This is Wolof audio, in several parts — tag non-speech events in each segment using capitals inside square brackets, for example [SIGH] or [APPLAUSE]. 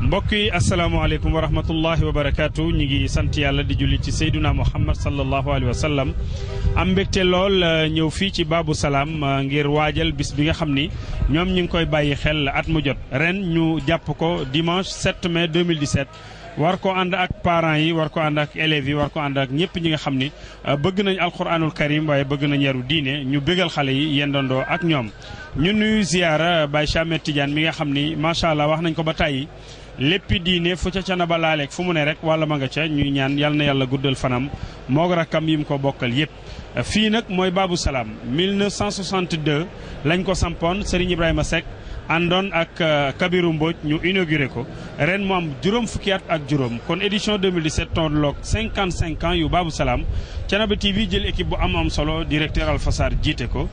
mbokk yi asalaamaaleykum wa rahmatullahi wa barakaatu ñu ngi sant yàlla di jullit ci sayduna muhammad sallallahu alayhi wa sallam am mbégte lool euh, ñëw fii ci baabu salaam euh, ngir waajal bis bi nga xam ni ñoom ñu ngi koy bàyyi xel at mu jot ren ñu jàpp ko dimanche 7 mai 2017 war ko ànd ak parents yi war ko ànd ak élèves yi war ko ànd ak ñëpp ñi nga xam ni euh, bëgg nañ alquranul karim waaye bëgg nañ yaru diine ñu bégal xale yi yendandoo ak ñoom ñu nuyu ziyaara Baye Chamet nga xam ni macha allah wax nañ ko ba tàyyi léppi diine fu ca canaba laaleeg fu mu ne rek wala ma nga ca ñuy ñaan yal na yàlla guddal fanam moog rakkam yi mu ko bokkal yépp fii nag mooy Babou Salam 1962 lañ ko sampoon Serigne Ibrahima Seck àndoon ak euh, Kabiru Mbodj ñu inauguré ko ren mu am juróom fukki at ak juróom kon édition 2017 tolloog 55 ans yu Babou Salam Thiénaba TV jël équipe bu am am solo directeur Alfassar jiite ko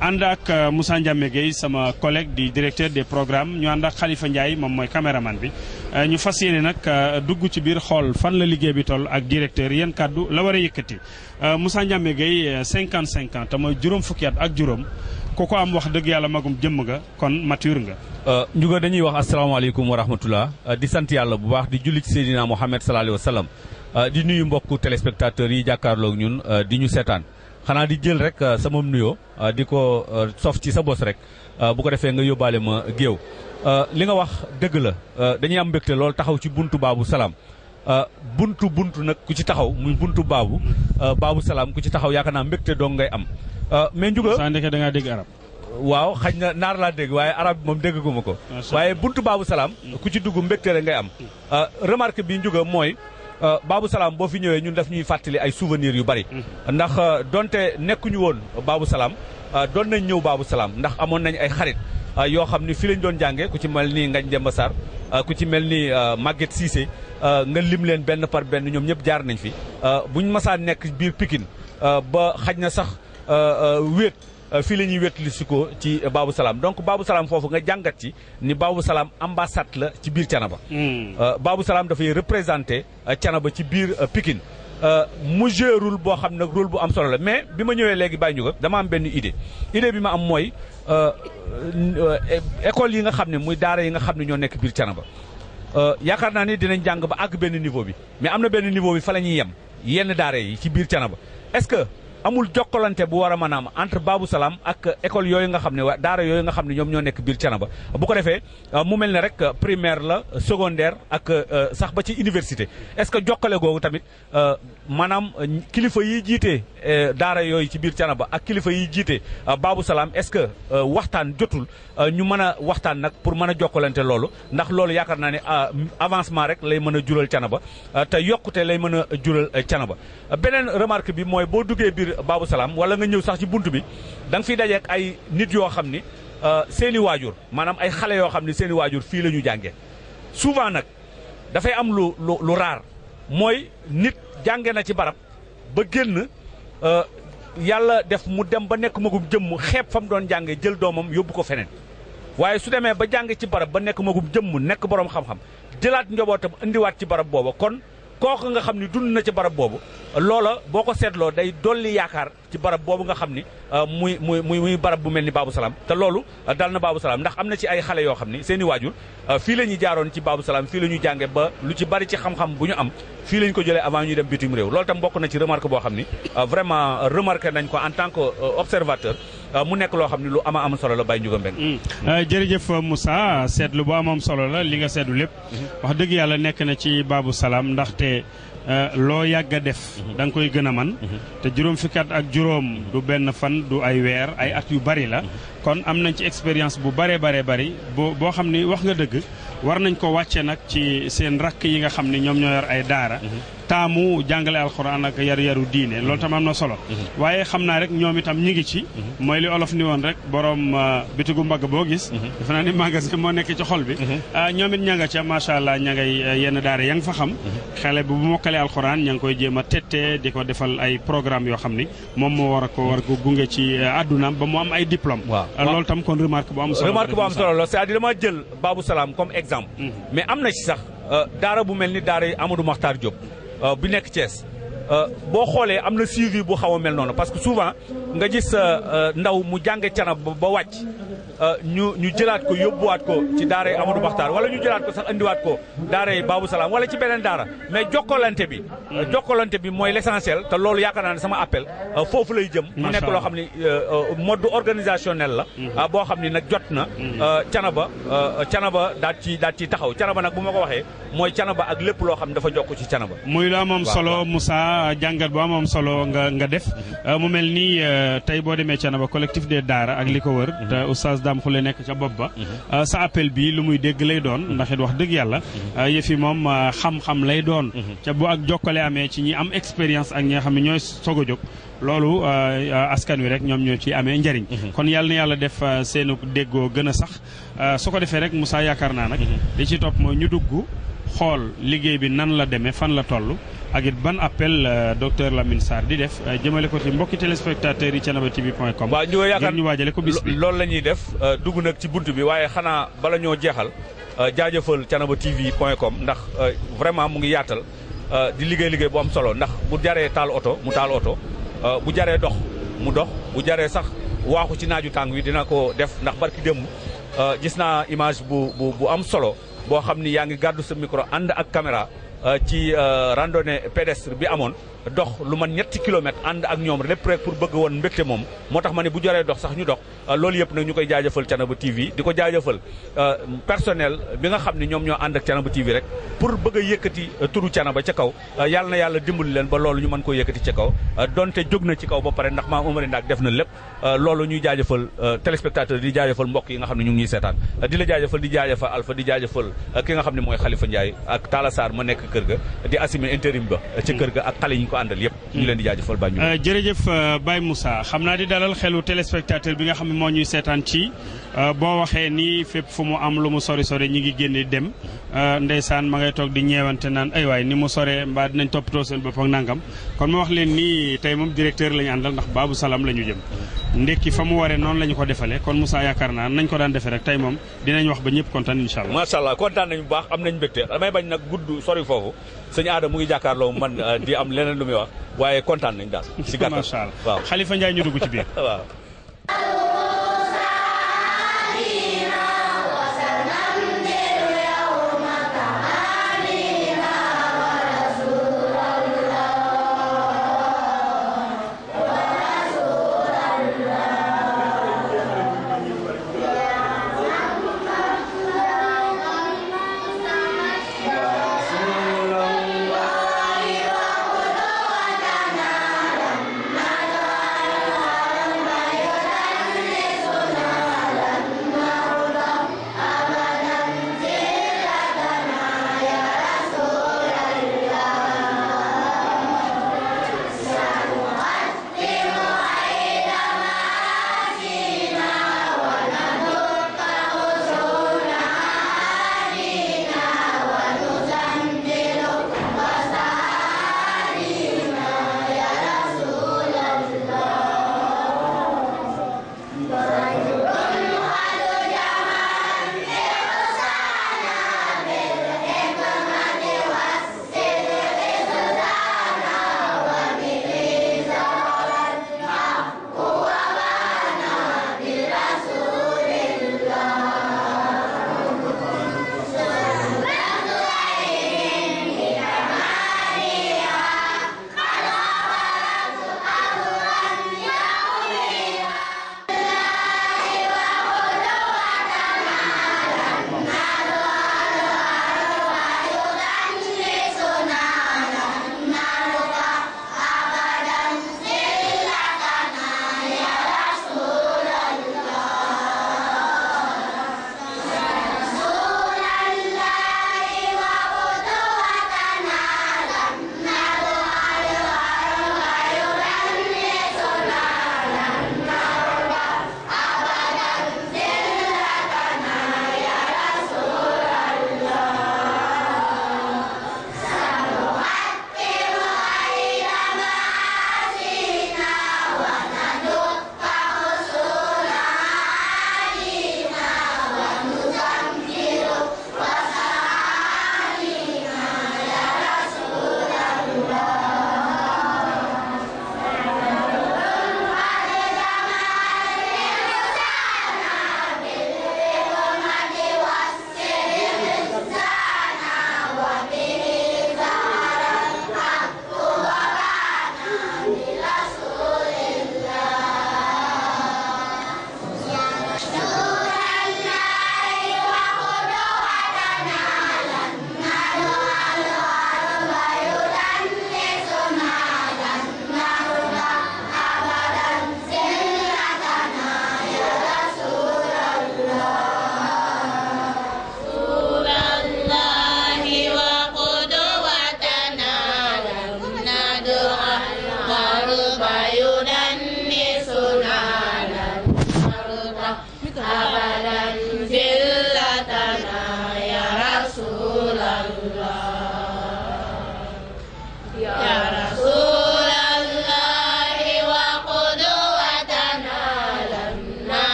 ànd ak euh, Moussa Ndiame Gueye sama collègue di directeur des programme ñu ànd ak Khalifa Ndiaye moom mooy caméraman bi euh, ñu fas yéene nag euh, dugg ci biir xool fan la liggéey bi toll ak directeur yéen kàddu la war a yëkkati Moussa Ndiame Gueye 55 ans te mooy juróom fukki at ak juróom ku ko am wax dëgg yàlla magum jëmm nga kon mature nga. ñu nga dañuy wax asalaamaaleykum wa rahmatullah di sant yàlla bu baax di julli ci Seydina Mohamed sallallahu alayhi di nuyu mbokku téléspectateurs yi jàkkaarloog ñun di ñu seetaan. xanaa di jël rek euh, sama nuyoo euh, di ko euh, sof ci sa bos rek bu ko defee nga yóbbaale ma géew li nga wax dëgg la dañuy am mbégte lool taxaw ci buntu baabu salaam buntu buntu nag ku ci taxaw muy buntu baabu baabu salaam ku ci taxaw yaakaar naa mbégte doong ngay am. mais njuga saa ndeke da ngaa dégg arab. waaw xaj na naar laa dégg waaye arab moom dégguma ko. waaye buntu baabu salaam. ku ci dugg mbégte rek ngay am. remarque bii njuga mooy. Euh, Babou Salaam boo fi ñëwee ñun daf ñuy fàttali ay souvenirs yu bari. Mm. ndax euh, donte nekkuñu woon baabu Salaam euh, doon nañ ñëw baabu Salaam ndax amoon nañ ay xarit yoo xam ni fii lañ doon jànge ku ci mel nii Ngagne Demba Sarr ku ci mel ni Maguette Cissé nga lim leen benn par benn ñoom ñëpp jaar nañ fi buñ masaa nekk biir pikin ba xaj na sax wéet. Euh, fii la ñuy wétali ko ci baabu salaam donc baabu salaam foofu nga jàngat ci ni baabu salaam ambassade la ci biir Thiénaba hmm. euh, Babou salaam dafay représenté euh, Thiénaba ci biir Pikine mu joué rôle boo xam nag rôle bu am solo la mais bi ma ñëwee léegi baa ñu ko dama am benn idée idée bi ma am mooy école yi nga xam ne muy daare yi nga xam ne ñoo nekk biir Thiénaba yaakaar naa ni dinañ jàng ba ak benn niveau bi mais am na benn niveau bi fa la ñuy yem yenn daare yi ci biir Thiénaba est amul jokkalante bu war a mën a am entre Babou Salam ak école yooyu nga xam ne wa daara yooyu nga xam ne ñoom ñoo nekk biir Thiénaba bu ko defee euh, mu mel ne rek euh, primaire la secondaire ak euh, sax ba ci université est-ce que jokkale googu tamit maanaam euh, kilifa yi jiite euh, daara yooyu ci biir Thiénaba ak kilifa yi jiite euh, Babou Salaam est-ce que waxtaan jotul ñu mën a waxtaan nag pour mën a jokkalante loolu ndax loolu yaakaar naa ne avancement rek lay mën a jural Thiénaba te yokkute lay mën a jural Thiénaba beneen remarque bi mooy boo duggee biir baabu Salaam wala nga ñëw sax ci bunt bi da nga fiy dajeek ay nit yoo xam ni seeni waajur maanaam ay xale yoo xam ni seeni waajur fii la ñu jàngee souvent nag dafay am lu lu raar mooy nit. jànge na ci barab ba génn euh, yàlla def mu dem ba nekk magum jëmm xeeb fa mu doon jànge jël doomam yóbbu ko feneen waaye su demee ba jàng ci barab ba nekk magum jëmm nekk borom xam-xam jëlaat njobootam indiwaat ci barab boobu kon kooku nga xam ni dund na ci barab boobu loola boo ko seetloo day dolli yaakaar ci barab boobu nga xam ni euh, muy muy muy muy barab bu mel ni baabu Salam te loolu euh, dal na baabu Salam ndax am na ci ay xale yoo xam ni seeni i waajur la ñuy jaaroon ci Babou Salam fii la ñuy jànge ba lu ci bari ci xam bu ñu am fii lañ ko jëlee avant ñuy dem bitim réew loolu tam bokk na ci remarque boo xam ni euh, vraiment euh, remarqué nañ ko en tant que euh, observateur mu nekk loo xam ne lu ama am solo la Baye Ndiouga Mbengue mm. jërëjëf Moussa seetlu bu amam solo la li nga seetlu lépp mm-hmm. wax dëgg yàlla nekk na ci baabu salaam ndaxte loo yàgg a def mm-hmm. da nga koy gën a man mm-hmm. te juróom fukki ak juróom du benn fan du ay weer ay at yu bari la kon am nañ ci expérience bu bare bare bari boo boo xam ni wax nga dëgg war nañ ko wàcce nag ci seen rakk yi nga xam ne ñoom ñoo yor ay daara taamu jàngale alxuraan ak yaru yaru diine mhm. loolu tam am na solo mhm. waaye xam naa rek ñoom itam ñi ngi ci mhm. mooy li olof ni woon rek borom uh, bitigu mbagg boo gis dafa naa ni magasin moo nekk ci xol bi uh, ñoom it ña nga ca macha allah ña ngay uh, yenn daara ya nga fa xam xale bu mokkale alxuraan ña ngi koy jéem a di ko defal ay programme yoo xam ni moom moo war ko war a ko gunge ci àddunaam ba mu am ay diplôme loolu tam kon remarque bu am solo remarque bu am solo la c'est-à-dire dama jël Babou Salam bu mel ni daara Amadou Makhtar Diop Euh, bu nekk Thiès euh, boo xoolee am na suivi bu xaw a mel noonu parce que souvent nga gis euh, ndaw mu jànge canab ba wàcc Euh, ñu ñu jëlaat ko yóbbuwaat ko ci daaray Amadou Baxtaar wala ñu jëlaat ko sax andiwaat ko daaray baabu Salaam wala ci beneen daara mais jokkalante bi. Mm. jokkalante bi mooy l'essentiel te loolu yaakaar naa ne sama appel euh, foofu lay jëm. mu nekk loo xam ne euh, mode organisationnel la. Mm-hmm. boo xam ni nag jot na. Mm-hmm. canaba canaba daal ci daal ci taxaw canaba nag bu ma ko waxee mooy canaba ak lépp loo xam ne dafa jokk ci canaba. muy la moom solo Moussa jàngat bu amoon solo nga nga def mm-hmm. mu mel ni tey boo demee canaba collectif des daam xule nekk ca bopp ba mhm. euh, sa appel bii lu muy dégg lay doon mhm. ndax wax dëgg yàlla mhm. euh, yëfi moom euh, xam-xam lay doon ca bu ak jokkale amee ci ñi am expérience ak ñi nga xam ne ñooy soog a jóg loolu askan wi rek ñoom ñoo ci amee njariñ kon yàlla na yàlla def seenu déggoo gën a sax su ko defee rek musaa yaakaar naa nag li ci topp mooy ñu dugg xool liggéey bi nan la demee fan la toll ak it ban appel euh, docteur Lamine Sarr di def euh, jëmale ko ci mbokki téléspectateurs yi Thiénaba TV point com. waaw ñu yaakaar ñu waajale ko bis bi loolu la ñuy def euh, dugg nag ci bunt bi waaye xanaa bala ñoo jeexal jaajëfal Thiénaba TV point com ndax vraiment mu ngi yaatal di liggéey liggéey bu am solo ndax bu jaree taal oto mu taal oto bu jaree dox mu dox bu jaree sax waaxu ci naaju tàng wi dina ko def ndax barki démb gis naa image bu bu bu am solo boo xam ni yaa ngi gàddu sa micro ànd ak caméra. ci euh, randonnée pédestre bi amoon dox lu man ñetti kilomètre ànd ak ñoom lépp rek pour bëgg woon mbégte moom moo tax ma ne bu joree dox sax ñu dox euh, loolu yëpp nag ñu koy jaajafal jaajëfal Thiénaba TV di ko jaajëfal euh, personnel bi nga xam ne ñoom ñoo ànd ak Thiénaba TV rek pour bëgg yëkkati euh, turu ba ca kaw yal na yàlla dimbali leen ba loolu ñu mën koo yëkkati ca kaw donte jóg na ci kaw ba pare ndax maam Omar Ndaak def na lépp loolu ñuy jaajëfal téléspectateur di jaajëfal mbokk yi nga xam ne ñu ngi seetaan di la jaajëfal di jaajëfal Alpha di jaajëfal ki nga xam ne mooy Khalifa Ndiaye ak Talla Sarr ma nekk kër ga di assumer intérim ba ci kër ga ko àndal yëpp. ñu leen di jaajëfal euh, euh, xam naa di dalal xelu téléspectateur bi nga xam ne moo ñuy seetaan ci euh, boo waxee nii fépp fu mu am lu mu sori sori ñi ngi génne dem ndeysaan ma ngay toog di ñeewante naan ay waay ni mu soree mbaa dinañ toppatoo seen bopp ak nangam kon ma wax leen nii tey moom directeur la ñu àndal ndax Babou Salam la ñu jëm. ndekki fa mu waree noon la ñu ko defalee kon Moussa yaakaar naa nañ ko daan defee rek tey moom dinañ wax ba ñëpp kontaan incha allah. macha allah kontaan nañu bu baax sëñ aada mu ngi jàkkaarloo man euh, di am leneen lu muy wax waaye kontaan nañ daal si gàttal macha waaw Xalifa Njaay ñu dugg ci biir [LAUGHS] waaw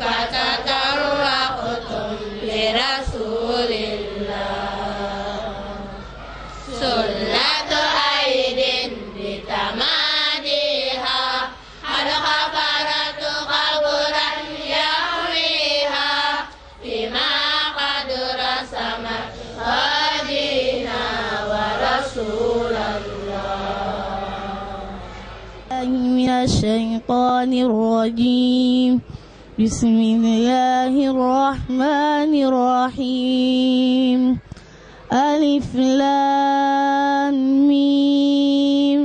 فتطرقتم لرسول الله سنة عيد بتماديها قد غفرت قبرا يرويها بما قد رسمت هدينا ورسول الله من الشيطان الرجيم بسم الله الرحمن الرحيم ألف لام ميم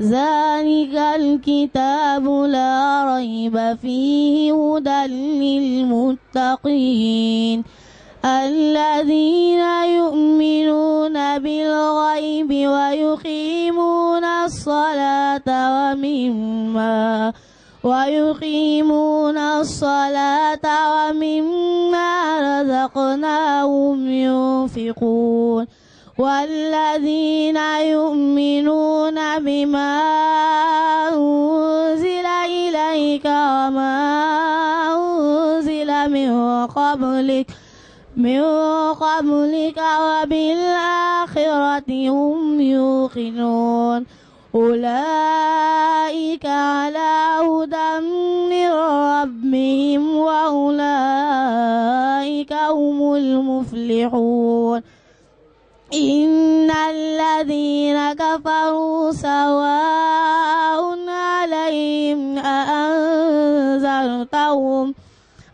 ذلك الكتاب لا ريب فيه هدى للمتقين الذين يؤمنون بالغيب ويقيمون الصلاة ومما ويقيمون الصلاة ومما رزقناهم ينفقون والذين يؤمنون بما أنزل إليك وما أنزل من قبلك من قبلك وبالآخرة هم يوقنون أولئك على هدى من ربهم وأولئك هم المفلحون إن الذين كفروا سواء عليهم أأنذرتهم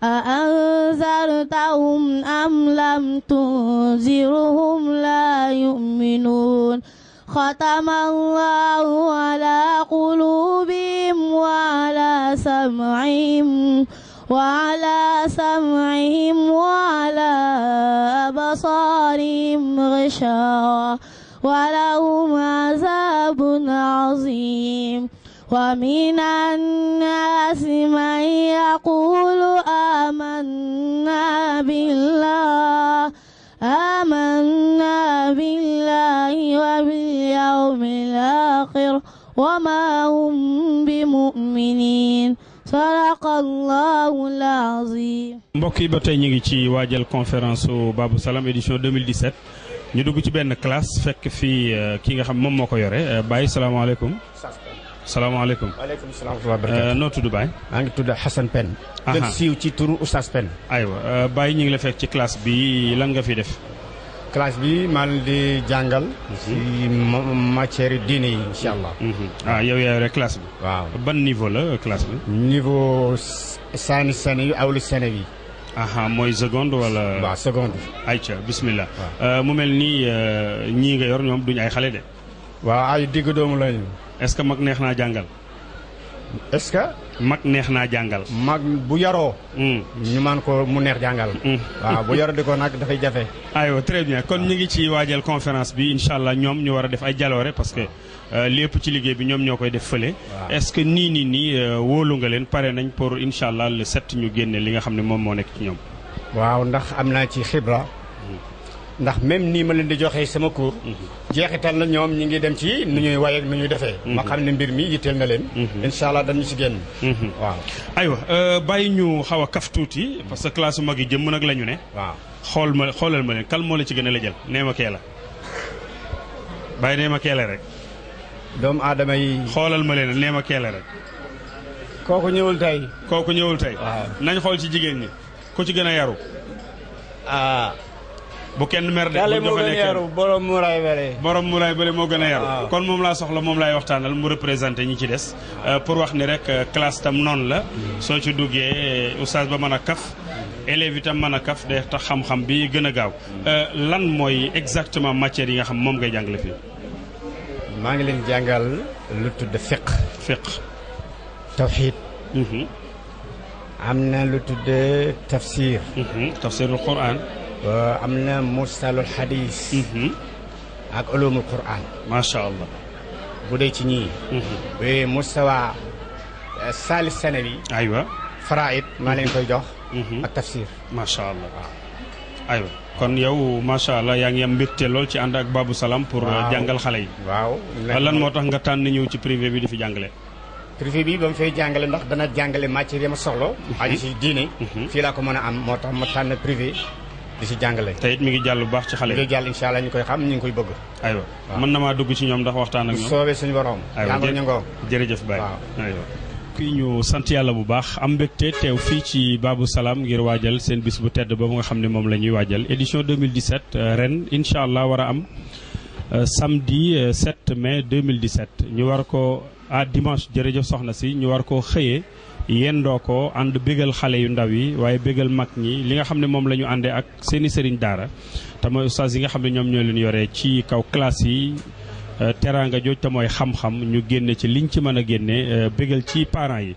أأنذرتهم أم لم تنذرهم لا يؤمنون ختم الله على قلوبهم وعلى سمعهم وعلى سمعهم وعلى أبصارهم غشاوة ولهم عذاب عظيم ومن الناس من يقول آمنا بالله آمنا بالله وباليوم الآخر وما هم بمؤمنين sadaqallahu al-azim mbokk yi ba tey ñu ngi ci waajal conférence su Babou Salam édition 2017 ñu dugg ci benn classe fekk fi euh, ki nga xam moom moo ko yore euh, Baye salaamaaleykum. salaamaaleykum. waaleykum salaam wa rahmatulah. Euh, noo tudd Baye. ngi tudd Xasan Penn. gën siiw ci turu Oustaz Penn. aywa euh, Baye ñu ngi la fekk ci classe bi lan nga fi def. classe bi maa leen di jàngal. Mhm. ci matière diine yi incha allah. Mhm. ah yow yaa yore classe bi. waaw ban niveau la euh, classe bi. niveau saani sene yu awlu sene yi. aha mooy seconde wala. waaw seconde. ayca bismillah. mu mel nii ñii nga yor ñoom duñ ay xale de. waaw ay digg doomu lañu. est-ce que mag neex naa jàngal. est-ce que. mag neex naa jàngal. mag bu yaroo. Hmm. ñu man ko mu neex jàngal. Hmm. waaw bu yaroo di ko nag dafay jafe. aywa très bien kon ñu ngi ci waajal conférence bi incha allah ñoom ñu war a def ay jaloo jaloore parce que euh, lépp ci liggéey bi ñoom ñoo koy def fële. est-ce que nii nii nii euh, wóolu nga leen pare nañ pour incha allah le ñu génne li nga xam ne moom moo nekk ci ñoom. waaw ndax am naa ci xibra. ndax même nii ma leen di joxee sama cours mhm. jeexital na ñoom ñi ngi dem ci nu ñuy waye ak nu ñuy defee mhm. ma xam ne mbir mi yitteel na leen mhm. incha allah dañu si génn waaw aywa euh, bàyyi ñu xaw a kaf tuuti parce que classe mag yi jëmm nag la ñu ne waaw xool ma xoolal ma leen kal moo la ci gën a la jël nee ma kee la bàyyi nee ma kee la rek doomu aadama yi xoolal ma leen nee ma kee la rek kooku ñëwul tey kooku ñëwul tey nañ xool ci jigéen ñi ku ci gën a yaru ah. bu kenn mer de bu joxe nekk borom muraay bële borom muraay bële moo gën a yaru kon moom laa soxla moom laay waxtaanal mu représenté ñi ci des euh, pour wax ni rek euh, classe tam noonu la soo ci duggee euh, oustaz ba mën a kaf élèves itam mën a kaf day tax xam-xam bi gën a gaaw lan mooy exactement matière yi nga xam moom ngay jàngale fii maa ngi leen jàngal lu tudd fiq fiq tawxiid mhm. am na lu tudd tafsir mhm. tafsirul quran am na mursalul xadis mhm. ak ulumul quran macha allah bu dee ci ñii mhm. ba mustawa eh, saalis sene bi aywa faraid maa leen koy jox mhm. ak tafsir macha allah aywa kon yow macha allah yaa ngi am mbégte lool ci ànd ak Babou Salam pour eh, jàngal xale yi waaw lan moo tax nga tànn ñëw ci privé bi di fi jàngale privé bi ba mu fay jàngale ndax dana jàngale matière yi ma soxla aju si diine fii laa ko mën a am moo tax ma tànn privé di si jàngale. te it mi ngi jàll bu baax ci xale yi. mi ngi jàll incha allah ñu koy xam ñu ngi koy bëgg. aywa mën na maa dugg ci ñoom ndax waxtaan ak ñoom. soobee suñu borom. aywa jërëjëf Baye aywa. kii ñu sant yàlla bu baax am mbégte teew fii ci Babou salaam ngir waajal seen bis bu tedd ba boobu nga xam ne moom la ñuy waajal édition 2017 euh, ren incha allah war a am euh, samedi 7 euh, mai 2017 ñu war ko à dimanche jërëjëf soxna si ñu war koo xëyee. doo ko ànd bégal xale yu ndaw yi waaye bégal mag ñi li nga xam ne moom la ñu àndee ak seeni sëriñ daara te mooy ustaas yi nga xam ne ñoom ñoo leen yore ci kaw classe yi euh, teraanga jooj te mooy xam ñu génne ci liñ ci mën a génne euh, bégal ci parents yi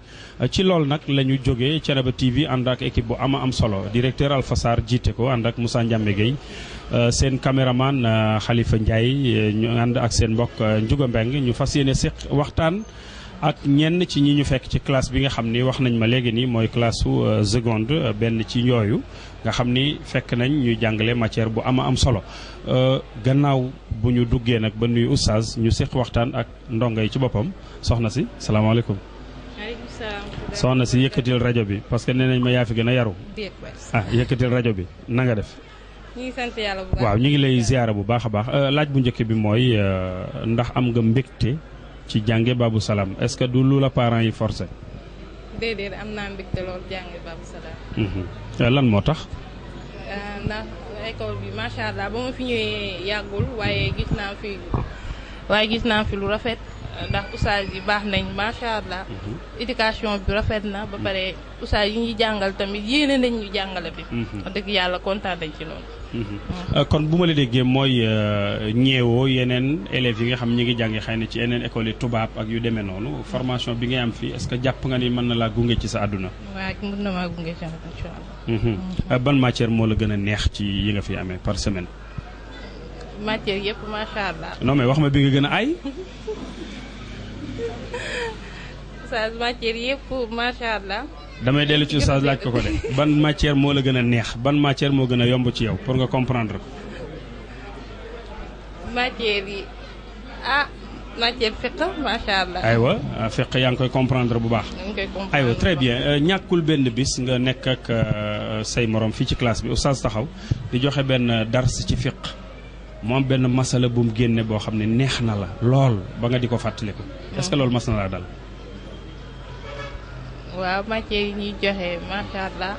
ci loolu nag la ñu jógee Thiénaba TV ànd ak équipe bu am am solo directeur Alpha jiite ko ànd ak Moussa Ndiambe Gueye euh, seen caméraman Khalifa Ndiaye ñu ànd ak seen mbokk Ndiouga Mbeng ñu fas yéene seq waxtaan ak ñenn ci ñi ñu fekk ci classe bi nga xam ni wax nañ ma léegi nii mooy classe su euh, seconde euh, benn ci yooyu nga xam ni fekk nañ ñu jàngale matière bu ama am solo euh, gannaaw bu ñu duggee nag ba nuyu oustaz ñu séq waxtaan ak ndongo yi ci boppam soxna si salaamaaleykum. maaleykum salaam. soxna si yëkkatil rajo bi parce que nee nañ ma yaa fi gën a yaru. ah yëkkatil rajo bi nanga def. ñu ngi waaw ñu ngi lay ziyaara bu baax a baax laaj bu njëkk bi mooy ndax am nga mbégte. ci jànge Babou Salam est-ce que du lu la parents yi forcé déedéet am naa mbégte lool jànge Babou Salam mhm. euh, lan moo tax euh, ndax école bi macha allah ba ma fi ñëwee yàggul waaye gis naa fi waaye gis naa fi lu rafet ndax oustaz yi baax nañ macha allah. Mhm. éducation bi rafet na ba pare oustaz yi ñuy jàngal tamit yéene nañ jàngale bi. Mhm. dëgg yàlla kontaan nañ ci loolu. Mhm. Euh, kon bu ma la déggee mooy euh, ñeewoo yeneen élèves yi nga xam ñi ngi jàngi xay na ci yeneen école yi tubaab ak yu deme noonu formation bi ngay am fii est-ce que jàpp nga ni mën na laa gunge ci sa àdduna. waaw mën na maa euh, ban matière moo la gën a neex ci yi nga fi amee par semaine. matière yëpp macha allah. non mais wax ma bi nga gën a ay. [LAUGHS] oustaz matière yëpp macha allah. damay dellu ci oustaz laaj ko ko de [LAUGHS] ban matière moo la gën a neex ban matière moo gën a yomb ci yow pour nga comprendre ko. matière yi ah matière fiq macha aywa ah, fiq yaa ngi koy comprendre bu baax. aywa très bien euh, ñàkkul benn bis nga nekk ak euh, say morom fii ci classe bi oustaz taxaw di joxe benn dars ci fiq mu am benn masala bu mu génne boo xam ne neex na la lool ba nga di ko fàttaliku. est-ce loolu mas na laa dal. waaw matière yi ñuy joxe macha allah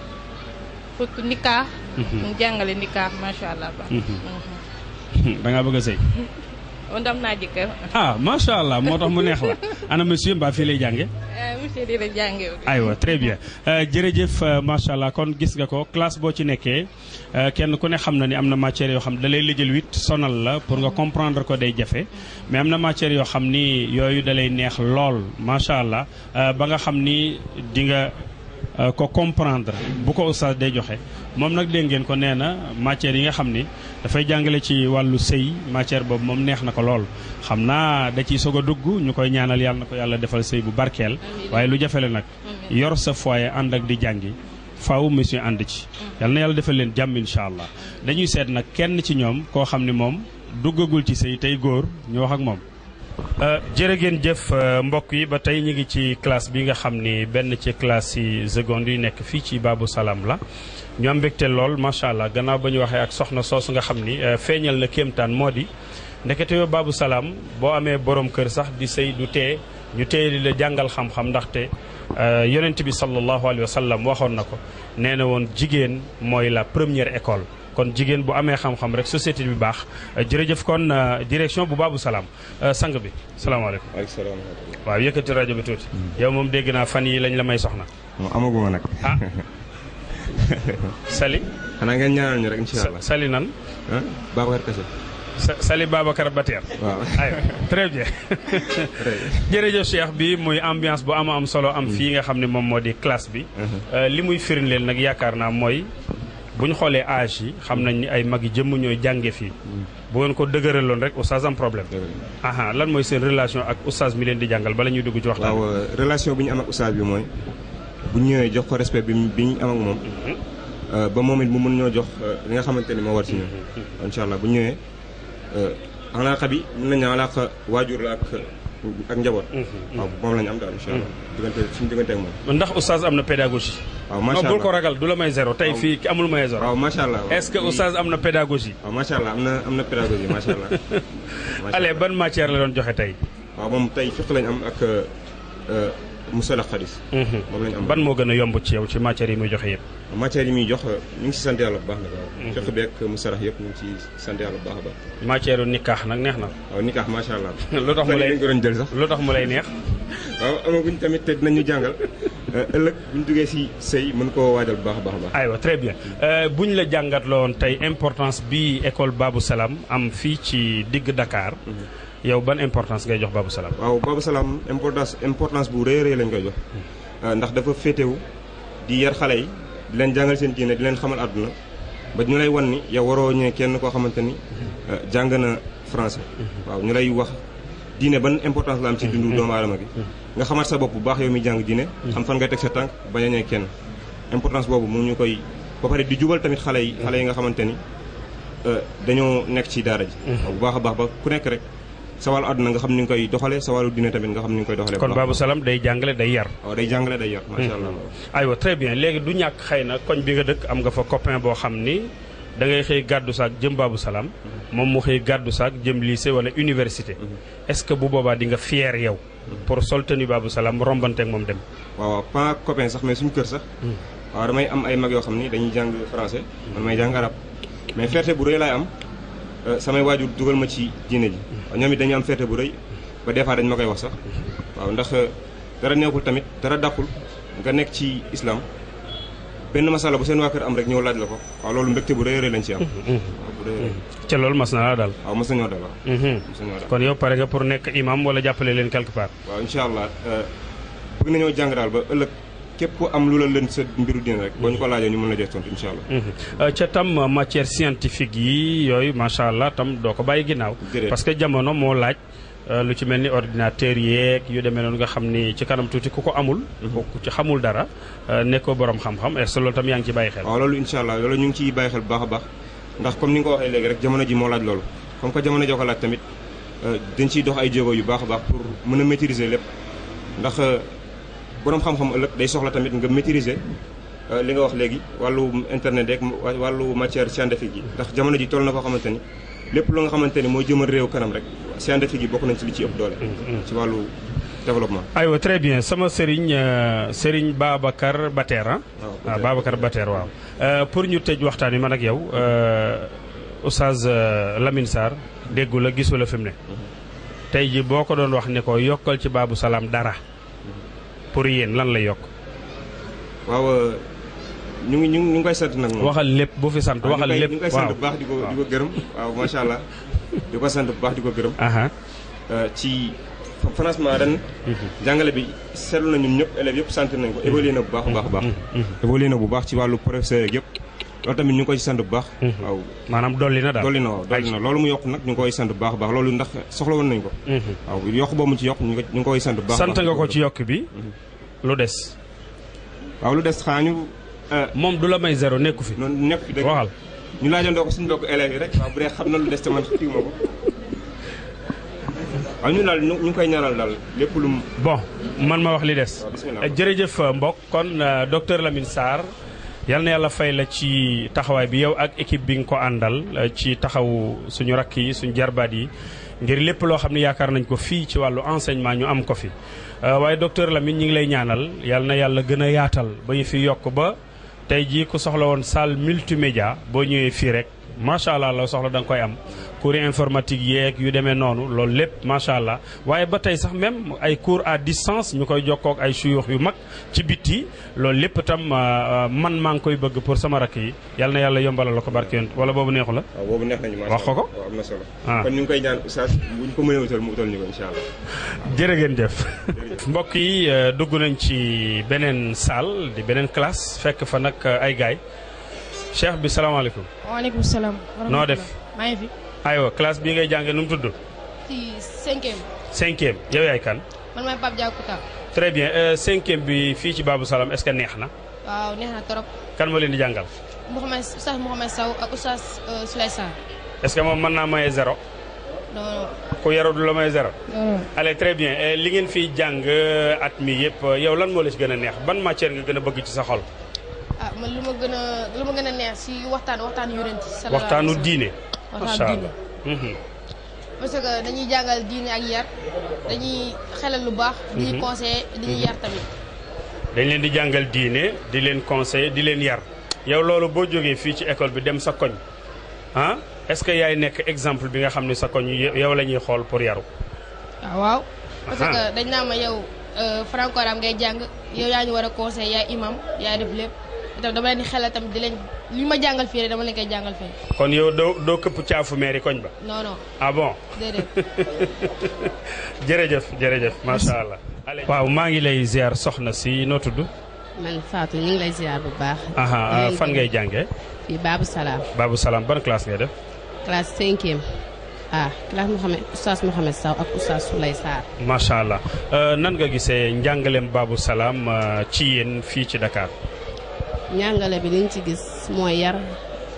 surtout mhm. mu jàngale nikaax macha allah. Mhm. Mhm. [LAUGHS] da ngaa bëgg a sëy. [LAUGHS] ndam naa jëkkër. ah macha allah moo tax mu neex la ana monsieur mbaa fii lay jànge eh, monsieur di la jànge aywa très bien eh, jërëjëf eh, macha allah kon gis nga ko classe boo ci nekkee kenn ku ne xam na ni am na matière yoo xam ne da lay lëjël wit sonal la pour nga comprendre ko day jafe mais am na matière yoo xam ni yooyu dalay lay neex lool macha allah ba nga xam ni dinga ko comprendre bu ko oustaz day joxe. moom nag dégg ngeen ko nee na matière yi nga xam ni dafay jàngale ci wàllu sëy matière boobu moom neex na ko lool xam naa da ciy soog a dugg ñu koy ñaanal yàlla na ko yàlla defal sëy bu barkeel waaye lu jafele nag yor sa foyer ànd ak di jàngi faw monsieur ànd ci yàlla yàlla defal leen jàmm incha allah dañuy seet nag kenn ci ñoom koo xam ni moom duggagul ci sëy tey góor ñu wax ak moom euh, jërë ngeen jëf euh, mbokk yi ba tey ñu ngi ci classe bi nga xam ni benn ci classe yi seconde yi nekk fii ci Babou Salam la ñu am lool macha allah gannaaw ba ñu waxee ak soxna soosu nga xam ni eh, feeñal na kéemtaan moo di ndekete yoo baabu salaam boo amee boroom kër sax di sëy du tee ñu tee di la jàngal xam-xam ndaxte eh, yonent bi sallallahu alayhi wa sallam waxoon na ko nee na woon jigéen mooy la première école. kon jigéen bu amee xam-xam rek société bi baax eh, jërëjëf kon direction bu baabu salaam sang bi salaamaaleykum. waaleykum salaam. waaw yëkkati rajo bi tuuti. Mm. yow moom dégg naa fan yi lañu la may soxna. amaguma nag. Ah. [LAUGHS] [LAUGHS] Sali. xanaa ngeen ñaanal ñu rek incha allah Sali nan. Sali Babacar Bater. waaw [LAUGHS] aywa très [LAUGHS] jërëjëf Cheikh bi muy ambiance bu am am solo am hmm. fii nga xam ne moom moo di classe bi. Euh, li muy leen nag yaakaar naa mooy. bu ñu xoolee âge yi xam hmm. nañ ni ay mag yi jëmm ñooy jànge fii hmm. bu ngeen ko dëgëraloon rek oustaz am problème aha lan mooy seen relation ak oustaz mi leen di jàngal bala ñuy dugg ci waxtaan euh, relation bi ñu am ak oustaz bi mooy bu ñëwee jox ko respect bi bi ñu am ak moom. Euh, ba moom it mu mën ñoo jox euh, li nga xamante ni moo war si ñun. incha allah bu ñëwee alaaqa euh, bi mën nañu alaaqa waajur la ak ak njaboot. Mhm. waaw moom la am daal incha allah. Mhm. diggante ndax oustaz am na pédagogie. waaw macha allah non bul ko ragal du la may zéro tey fii amul may zéro. macha allah est-ce que oustaz am na pédagogie. waaw macha allah am na am na pédagogie macha allah. [LAUGHS] ban matière la doon joxe tey. waaw moom tey fiq lañ am ak. musal ak xadis. Mhm. moom am ban moo gën a yomb ci yow ci matières yi muy joxe yëpp. matières yi muy jox ñu ngi si sant yàlla bu baax nag. waaw fexe mhm. beeg musal ak yëpp ñu ngi si sant nikaax nag neex na. waaw nikaax macha allah. [LAUGHS] lu tax mu lay jël sax lu tax mu lay neex. [LAUGHS] waaw amaguñ tamit te dinañu jàngal [LAUGHS] euh, ëllëg buñ duggee si sëy mën koo waajal bu baax a baax a baax. aywa très bien euh, ñu la jàngatloon tey importance bi école baabu salaam am fii ci digg dakaar mhm. yow ban importance ngay jox baabu Salam. waaw Babou Salam importance importance bu rëy a rëy lañ koy jox. Euh, ndax dafa féetewu di yar xale yi di leen jàngal seen diine di leen xamal àdduna ba ñu lay wan ni yow waroo ñëwee kenn koo xamante ni euh, jàng na français. waaw ñu lay wax diine ban importance la am ci dundu doomu aadama bi. nga xamal sa bopp bu baax yow mi jàng diine. xam fan ngay teg sa tànk bañ a ñëwee kenn. importance boobu mu ñu koy ba pare di jubal tamit xale yi. xale yi nga xamante ni euh, dañoo nekk ci daara ji. Mm-hmm. bu rek. sa wàllu àdduna nga xam ni nga koy doxalee sa wàllu dina tamit nga xam ni nga koy doxalee. kon Babou Salam day jàngale day yar. Oh, hmm. aywa très bien léegi du ñàkk xay na koñ bi nga dëkk am nga fa copain boo xam ni da ngay xëy gàddu saak jëm Babou Salam. Hmm. moom mu xëy gàddu saak jëm lycée wala université. Hmm. est-ce que bu boobaa di nga fier yow. pour sol tenue Babou Salam rombanteeg moom dem. waaw waaw pas copain sax mais suñu kër sax. waaw damay am ay mag yoo xam ni dañuy jàng français. man may jàng mais fierté am Euh, samay waajur dugal ma ci diine ji mm. ñoom it dañu am ferte bu rëy ba des fois dañ ma koy wax sax waaw ndax euh, dara neexul tamit dara dàqul nga nekk ci islam benn masala bu seen waa kër am rek ñëw laaj la ko waaw loolu mbégte bu rëy rëy lañ ci am mm-hmm. ca loolu mas na laa daal waaw mas nañoo daal waaw mm-hmm. kon yow pare nga pour nekk imam wala jàppale leen quelque part waaw incha allah euh, bëgg nañoo jàng daal ba ëllëg képp am lu la lën sa mbiru diine rek boo ñu ko laajee ñu mën la jox tontu incha allah. Mhm. Euh, ca tam matière scientifique yi yooyu macha allah tam doo ko bàyyi ginnaaw. parce que jamono moo laaj. Euh, lu ci mel ni ordinateur yeeg yu demee noonu nga xam ni ci kanam tuuti ku ko amul. Mhm. ku ci xamul dara euh, nekkoo borom xam-xam est loolu tam yaa ngi ci bàyyi xel. waaw loolu incha allah loolu ñu ngi ciy bàyyi xel bu baax a baax ndax comme ni nga ko waxee léegi rek jamono ji moo laaj loolu comme que jamono joo ko laaj tamit dañ ciy dox ay jéego yu baax a baax pour mën a maîtriser lépp ndax boroom xam-xam ëllëg day soxla tamit nga maîtriser euh, li nga wax léegi wàllu internet rek wàllu matière scientifique yi ndax jamono ji toll na koo xamante ni lépp lu nga xamante ni mooy jëmal réew kanam rek scientifique yi bokk nañ ci li ci ëpp doole mm-hmm. ci wàllu développement aywa très bien sama sëriñ euh, sëriñ Babacar Bater ah waaw ah, Babacar Bater waaw euh, pour ñu tëj waxtaan wi man ak yow Oustaz Lamine Sarr déggu la gisu la fi ne mm-hmm. tey ji boo ko doon wax ne ko yokkal ci baabu salaam dara pour yéen lan la yokk. waaw euh, ñu ngi ñu ngi koy sant nag. waxal lépp bu fi sant waxal lépp. waaw ñu ngi koy sant bu baax di ko di gërëm. waaw macha allah di ko sant bu baax di ko gërëm. Euh, ci financement ren. Mhm. jàngale bi seetlu na ñun ñëpp élèves yëpp sant nañ ko évolué na bu baax a baax. Mhm. Mhm. évolué na bu baax ci wàllu professeur yëpp. loolu tamit ñu koy sant bu baax. Mhm. maanaam dolli na daal dolli na waaw dolli na loolu mu yokk nag ñu koy sant bu baax baax loolu ndax soxla woon nañ ko. Mhm. waaw yokk boobu mu ci yokk ñu koy sant bu baax. sant nga ko ci yokk bi mhm. lu des. waaw lu des xanaa ñu. Euh, moom du la may zéro nekku fi. noonu nekk fi dëgg waxal ñu ko suñu mbokku élèves yi rek xam na lu des te man ñu daal ñu koy ñaanal daal lépp lu bon man ma wax li des. jërëjëf mbokk kon euh, docteur Lamine Sarr yal na yàlla fay la ci taxawaay bi yow ak équipe bi nga ko àndal euh, ci taxawu suñu rakk yi suñu jarbaat yi ngir lépp loo xam ne yaakaar nañ ko fii ci wàllu enseignement ñu am ko fi euh, waaye docteur Lamine ñi ngi lay ñaanal yàlla na yàlla gën a yaatal ba ñu fi yokk ba tey jii ku soxla woon salle multimédia boo ñëwee fii rek macha allah loo soxla da nga koy am cours informatique yeeg yu demee noonu loolu lépp macha allah waaye ba tey sax même ay cours à distance ñu koy jokkoo ay suyux yu mag ci biti loolu lépp itam euh, euh, man maa ngi koy bëgg pour sama rakk yi yal na yàlla yombalal la ko barke wala boobu neexu la. waaw boobu nañu macha wax ko ko waaw am na solo. Ah. ngi koy ñaan oustaz bu ko mënee wutal mu wutal ñu ko incha allah. [LAUGHS] jërë ngeen jëf. [LAUGHS] mbokk yi euh, dugg nañ ci beneen salle di beneen classe fekk fa nag ay gaay cheikh bi salaamaaleykum. waaleykum salaam. noo def maa fi. aywa classe bii ngay jàngee nu mu tudd. ci cinquième. cinquième yow yaay kan. man maay Pape Diakouta. très bien euh, cinquième bi fii ci Babou Salam est-ce que neex na. waaw neex na trop. kan moo leen di jàngal. Mouhamed Oustaz Mouhamed Sow ak Oustaz euh, Souley Sarr. est-ce moom mën naa maye zéro. non non. ku yaru du la may zéro. allez très bien euh, li ngeen fiy jàng at mi yëpp yow lan moo la ci gën a neex ban matière nga gën a bëgg ci sa xol. ah man lu ma gën a lu ma gën a neex si waxtaan waxtaan yonent yi. waxtaanu diine. waxtaanu diine. Mhm. parce que dañuy jàngal diine ak yar dañuy xelal lu baax. dañuy mhm. conseiller dañuy yar mhm. tamit. dañ leen di jàngal diine di leen conseiller di leen yar yow loolu boo jógee fii ci école bi dem sa koñ ah est-ce que yaay nekk exemple bi nga xam ne sa koñ yow la ñuy xool pour yaru. Ah, waaw parce ah. que dañ naa ma yow euh, franco ngay jàng yow yaa ñu war a conseiller yaa def itam dama leen di xelal tamit di leen ma jàngal fii rek dama leen jàngal fii. kon yow doo doo këpp caafu meeri koñ ba. non non ah [LAUGHS] jërëjëf jërëjëf macha allah. waaw maa ngi lay ziar soxna si noo tudd. man Fatou ñu ngi lay ziar bu baax. Ah, fan ngay jàngee. fii Babou Salam. Babou Salam ban classe ngay def. classe cinquième. ah classe Mouhamed oustaz Mouhamed Saw ak oustaz Souley Sarr. macha allah euh, nan nga gisee njàngaleem Babou salaam euh, ci yéen fii ci Dakar. njàngale bi li liñ ci gis mooy yar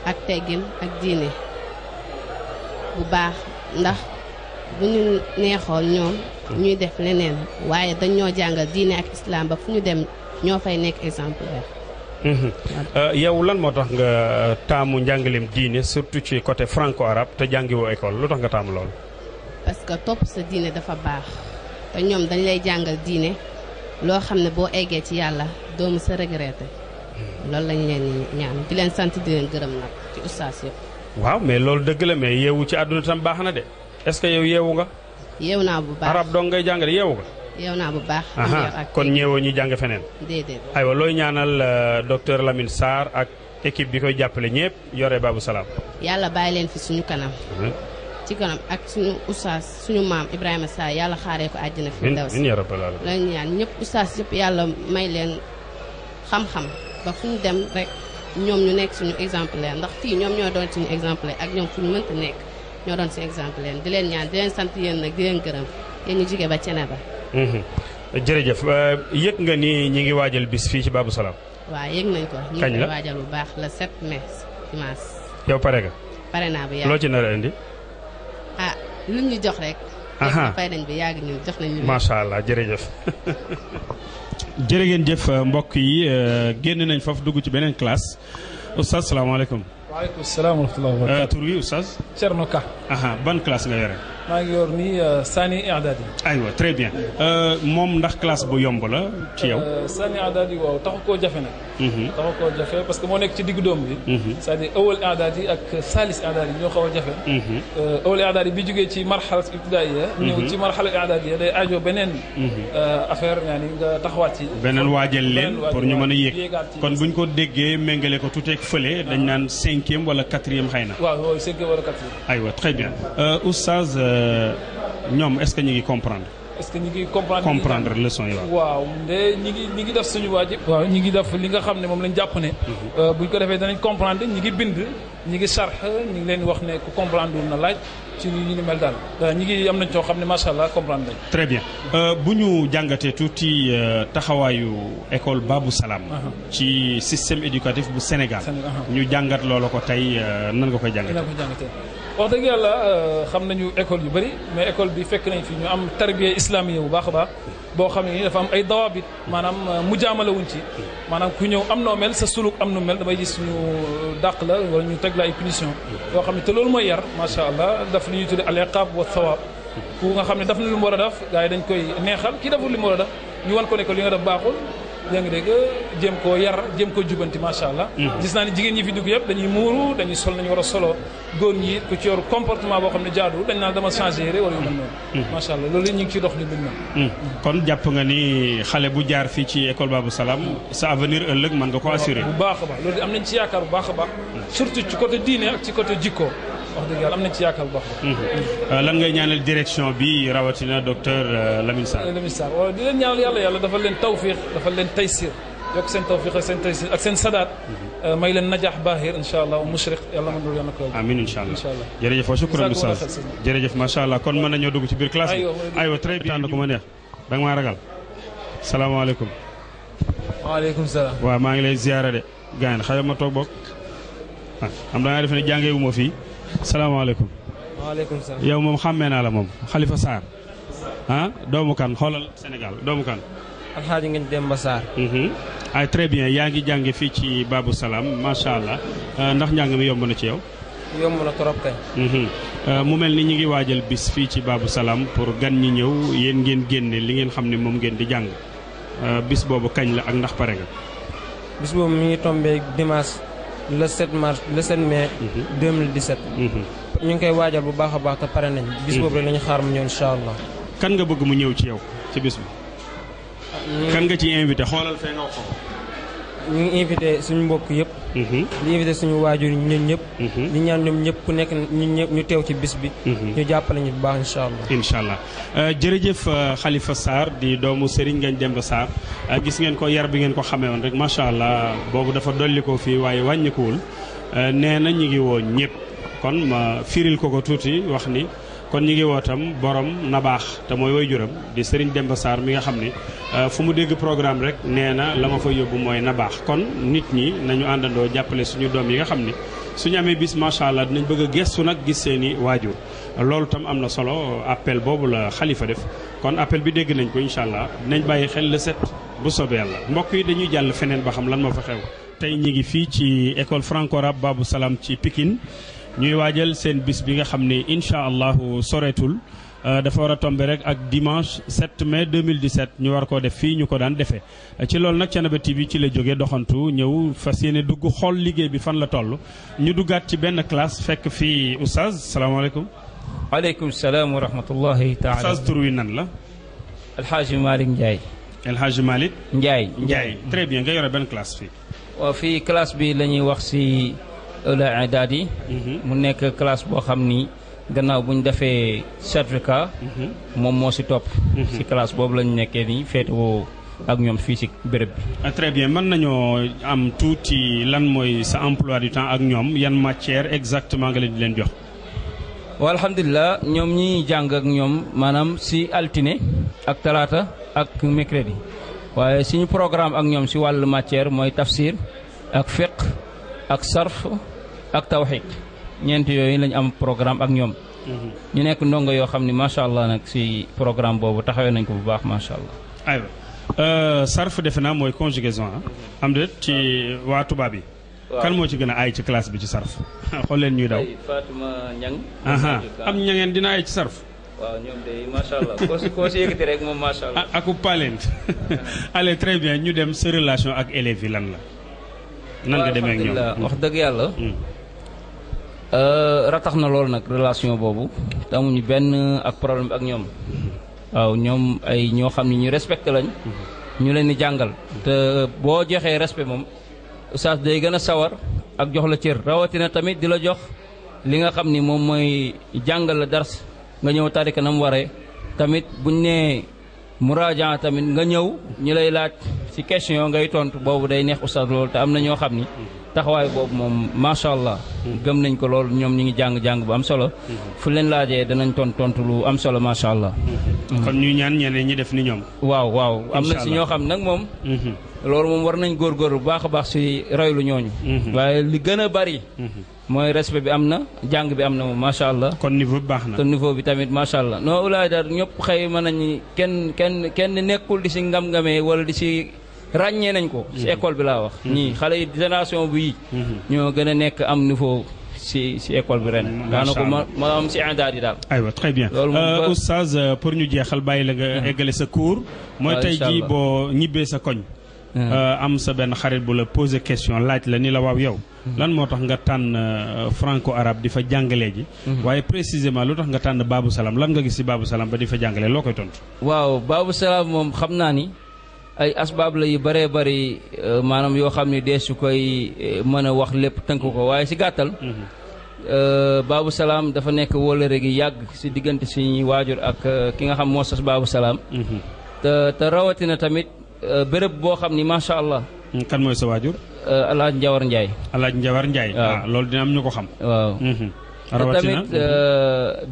ak teggin ak diine bu baax ndax bu ñu neexoon ñoom ñuy def leneen waaye dañ ñoo jàngal diine ak islaam ba fu ñu dem ñoo fay nekk exemple mhm. euh, yow lan moo tax nga taamu njàngaleem diine surtout ci côté franco arabe te jàngiwoo école lu tax nga taamu lool. parce topp sa diine dafa baax te ñoom dañ lay jàngal diine loo xam ne boo eggee ci yàlla doomu sa regretté. loolu lañ leen di ñaan di leen sant di leen gërëm nag ci ustaas yëpp. waaw mais loolu dëgg la mais yeewu ci àdduna tam baax na de est-ce que yow yeewu nga. yeewu naa bu baax arab dong ngay jàngale yeewu nga. yeewu naa bu baax. ak kon ñeewoo ñi jàng feneen. déedéet aywa looy ñaanal euh, docteur Lamine saar ak équipe bi koy jàppale ñëpp yore Babou Salam. yàlla bàyyi leen fi suñu kanam. ci kanam ak suñu ustaas suñu maam Ibrahima Sarr yàlla xaaree ko àjjana fi. daw ba fu ñu dem rek ñoom ñu nekk suñu exemplaire ndax fii ñoom ñoo doon suñu exemplaire ak ñoom fu ñu mënta nekk ñoo doon suñu exemplaire di leen ñaan di leen sant yéen nag di leen gërëm yéen ñu jógee ba cene ba mhm. jërëjëf euh, yëg nga ni ñu ngi waajal bis fii ci Babou Salam waaw yëg nañ ko ñu ngi waajal bu baax la set mai dimanche yow pare nga pare naa bu yàgg loo ci nar a indi ah lu ñu jox rek fay nañ bu yàgg ñun jox nañ ñu macha allah jërëjëf [LAUGHS] jërë ngeen jëf euh, mbokk yi euh, génn nañ foofu dugg ci beneen classe oustaz salaamaaleykum. waaleykum salaam wa rahmatulah. Euh, tur wi oustaz. Thierno Ka. ban classe nga yore. maa ngi yor nii euh, Sani Ihdadi. aywa très bien euh, moom ndax classe bu yomb la ci yow. Euh, Sani Ihdadi waaw taxu koo jafe nag. Mhm. taxu koo jafe parce que moo nekk ci diggu doom bi. Mhm. c'est-à-dire awal Ihdadi ak Salis Ihdadi xaw a jafe. awal mhm. Ihdadi bi jógee ci marxala ibtidaaya ñëw ci marxala Ihdadi ya day aajo beneen. affaire nga taxawaat ci. beneen waajal leen pour ñu mën a yéeg kon bu ñu ko déggee méngale ko tuuteeg fële dañ ah. naan cinquième wala quatrième xëy na. waaw waaw cinquième wala quatrième. très bien oustaz. Euh, ñoom est-ce que ñu ngi comprendre. est que ñu ngi comprendre comprendre leçon yi waaw de ñi ngi def suñu waajib waaw ñi ngi def li nga xam ne moom lañ jàpp ne mhm. euh, buñ ko defee danañ comprendre ñi ngi bind ñi ngi sarx ñi leen wax ne ku comprendre na laaj ci ñu ni mel daal euh, ñi ngi am nañ coo xam ne macha allah comprendre nañ très bu ñu jàngatee tuuti taxawaayu école Babou Salam ci système éducatif bu Sénégal ñu jàngat loola ko tey nan nga koy jàngatee wax dëgg yàlla euh, xam nañu école yu bëri mais école bi fekk nañ fi ñu am tarbiya islamiya bu baax a baax boo xam ne dafa am ay dawaabit maanaam euh, mu jaamale wuñ ci maanaam ku ñëw am noo mel sa suluk am nu mel damay gis ñu euh, dàq la wala ñu teg la ay punition yoo xam ne te loolu mooy yar macha allah daf li ñuy tuddee al iqaab wa thawaab ku nga xam ne daf na lu mu war a daf gars dañ koy neexal kii deful li mu war a def ñu wan ko ne ko li nga def baaxul yaa ngi dégg jéem koo yar jéem koo jubanti macha allah. Hmm. gis naa ne jigéen ñi fi dugg yëpp dañuy muuru dañuy sol nañu war a solo góor ñi ku ci yor comportement boo xam ne jaadu dañ naan dama changé yére wala yu mel noonu. Hmm. Hmm. macha allah loolu ñu ngi ciy dox li buñ kon jàpp nga ni xale bu jaar fii ci école Babou Salam sa avenir ëllëg mën nga ko assuré. bu baax a baax loolu am nañ ci yaakaar bu baax a baax. surtout ci côté diine ak ci côté jikko wax am nañ ci yaakaar bu baax. Mhm. Euh, lan ngay ñaanal direction bi rawatina docteur euh, Lamine Sarr. Lamine Sarr di leen ñaanal yàlla dafa leen tawfiix dafa leen taysir yokk seen tawfiix ak seen taysir ak seen sadaat. Mhm. Euh, may leen najaax baaxir incha allah mushriq yàlla man loolu yàlla ko amin incha allah incha allah jërëjëf kon mën nañoo dugg ci biir classe bi aywa très bien tànn maa salaamaaleykum waaleykum salaam waaw maa ngi lay ziyaara de gaañ xayma ma toog bokk am da nga defe ne jàngee fii salaamaaleykum. waaleykum salaam yow moom xàmmee naa la moom xalifa Sarr. ah doomu kan xoolal Sénégal doomu kan. alxaaji Ngagne Demba Sarr. Mhm. ay très bien yaa ngi jàngi fii ci Babou salaam macha allah ah, ndax njàng mi yomb na ci yow. yomb na trop kay. Mhm. Ah, mu mel ni ñu ngi waajal bis fii ci Babou salaam pour gan ñi ñëw yéen ngeen génne li ngeen xam ne moom ngeen di jàng ah, bis boobu kañ la ak ndax pare nga. bis boobu mi ngi tombé dimanche. le 7 mars le 7 mai. 2017. Mhm. Mhm. ñu ngi koy waajal bu baax a baax te pare nañ. bis boobu rek mhm. la xaar mu ñëw incha allah. kan nga bëgg mu ñëw ci yow ci bis bi. Ah, kan nga ci invité xoolal fee nga wax ñu ngi invité suñu mbokk yëpp. Mhm. di invité suñu waajur ñun ñëpp. Mhm. di ñaan ñoom ñëpp ku nekk ñun ñu teew ci bis bi. Mhm. ñu jàppale ñu bu baax incha allah. incha allah euh, jërëjëf xalifa euh, Sarr di doomu Serigne ngeen Demba Sarr euh, gis ngeen ko yar bi ngeen ko xamee woon rek macha allah boobu dafa dolli ko fii waaye wàññikuwul nee na ñu ngi woo ñëpp kon ma firil ko ko tuuti wax ni. kon ñi ngi wootam borom na baax te mooy waajuram di Serigne Demba Sarr mi nga xam ni euh, fu mu dégg programme rek nee na la ma fa yóbbu mooy na baax kon nit ñi nañu àndandoo jàppale suñu doom yi nga xam ni suñu amee bis macha allah dinañ bëgg a gestu nag gis seeni waajur loolu tam am na solo appel boobu la xalifa def kon appel bi dégg nañ ko incha allah dinañ bàyyi xel le set bu soobee la mbokk yi dañuy jàll feneen ba xam lan moo fa xew tey ñi ngi école franco-arabe Babou ci Pikine ñuy waajal seen bis bi nga xam ne incha allahu soreetul euh, dafa war a tombe rek ak dimanche 7 mai 2017 ñu war koo def fii ñu ko daan defee ci loolu nag Thiénaba TV ci la jógee doxantu ñëw fas yéene dugg xool liggéey bi fan la toll ñu duggaat ci benn classe fekk fii oustaz salaamaaleykum. waaleykum salaam wa rahmatullahi taala. oustaz tur wi nan la. El Hadj Malick Ndiaye. El Hadj Malick. Ndiaye Ndiaye très bien nga yore benn classe fii. waaw fii classe bi la wax si. ëllëg daal mhm. mu nekk classe boo xam ni gannaaw bu ñu defee certificat. Mhm. moom moo si topp. Mhm. si classe boobu lañu nekkee nii féetewoo ak ñoom fii si béréb bi. Ah, très mën nañoo am tuuti lan mooy sa emploi du temps ak ñoom yan matière exactement nga leen di leen jox. waaw alhamdulilah ñoom ñi jàng ak ñoom maanaam si altine ak talaata ak mercredi waaye suñu programme ak ñoom si wàll matière mooy tafsir ak fiqh ak sarf. ak tawxiid ñeent yooyu lañ am programme ak ñoom. Mm-hmm. ñu nekk ndongo yoo xam ni macha allah nag si programme boobu taxawee nañ ko bu baax macha allah. aywa euh, sarf defe na mooy conjugaison ah. mm-hmm. am de ci waa tubaab yi. kan moo ci gën a ay ci classe bi ci sarf. [LAUGHS] xool leen ñuy daw Fatuma Ñang am ñangeen dina aay ci sarf. waaw ñoom de macha allah koo si koo ak ak palent allez très ñu dem sa relation ak élèves yi lan la. nan nga demee ak ñoom Euh, ratax na lool nag relation boobu te amuñu benn ak problème ak ñoom waaw ñoom ay ñoo xam ne ñu respecté lañ ñu leen di jàngal te boo joxee respect moom oustaz day gën a sawar ak jox la cër rawatina tamit di la jox li nga xam ni moom mooy jàngal la dars nga ñëw tarika na mu waree tamit buñ nee muraaja tamit nga ñëw ñu lay laaj ci question ngay tontu boobu day neex oustaz loolu te am na ñoo xam ni taxawaay boobu moom macha allah. gëm nañ ko lool ñoom ñu ngi jàng jàng bu am solo. fu leen laajee danañ ton tontu lu am solo macha allah. kon ñu ñaan ñeneen ñi def ni ñoom. waaw waaw am na si ñoo xam nag moom. Mhm. loolu moom war nañ góorgóorlu bu baax a baax si roylu ñooñu. Mhm. waaye li gën a bari. Mhm. mooy respect bi am na jàng bi am na moom macha allah. kon niveau bi baax na kon niveau bi tamit macha allah non ulaay daal ñëpp xëy mën nañu kenn kenn kenn nekkul di si ngam ràññee nañ ko. ci mhm. école bi laa wax. Mhm. ñii xale yi génération bi mhm. ñoo gën a nekk am niveau. si si école bi ren. macha allah ma am si indaar yi daal. aywa très bien euh, oustaz euh, pour ñu jeexal bàyyi la nga eggale sa cours. mooy tey jii boo ñibbee sa koñ. Euh, am sa benn xarit bu la pose question laaj la ni la waaw yow. lan moo tax nga tànn franco arabe di fa jàngalee ji. waaye précisément lu tax nga tànn baabu Salam lan nga gis si Babou Salam ba di fa jàngalee loo koy tontu. ay asbaab la yu bëree bëri euh, maanaam yoo xam ne su koy euh, mën a wax lépp tënk ko waaye si gàttal. Euh, baabu Salaam dafa nekk wóllare gi yàgg si diggante suñuy waajur ak ki nga xam moo sos Baabu Salaam. te te rawatina tamit béréb boo xam ni macha allah. kan mooy sa waajur. El Njawar Ndiaye. El Njawar Ndiaye. waaw ah, loolu dina am ñu ko xam. waaw. Mhm. te tamit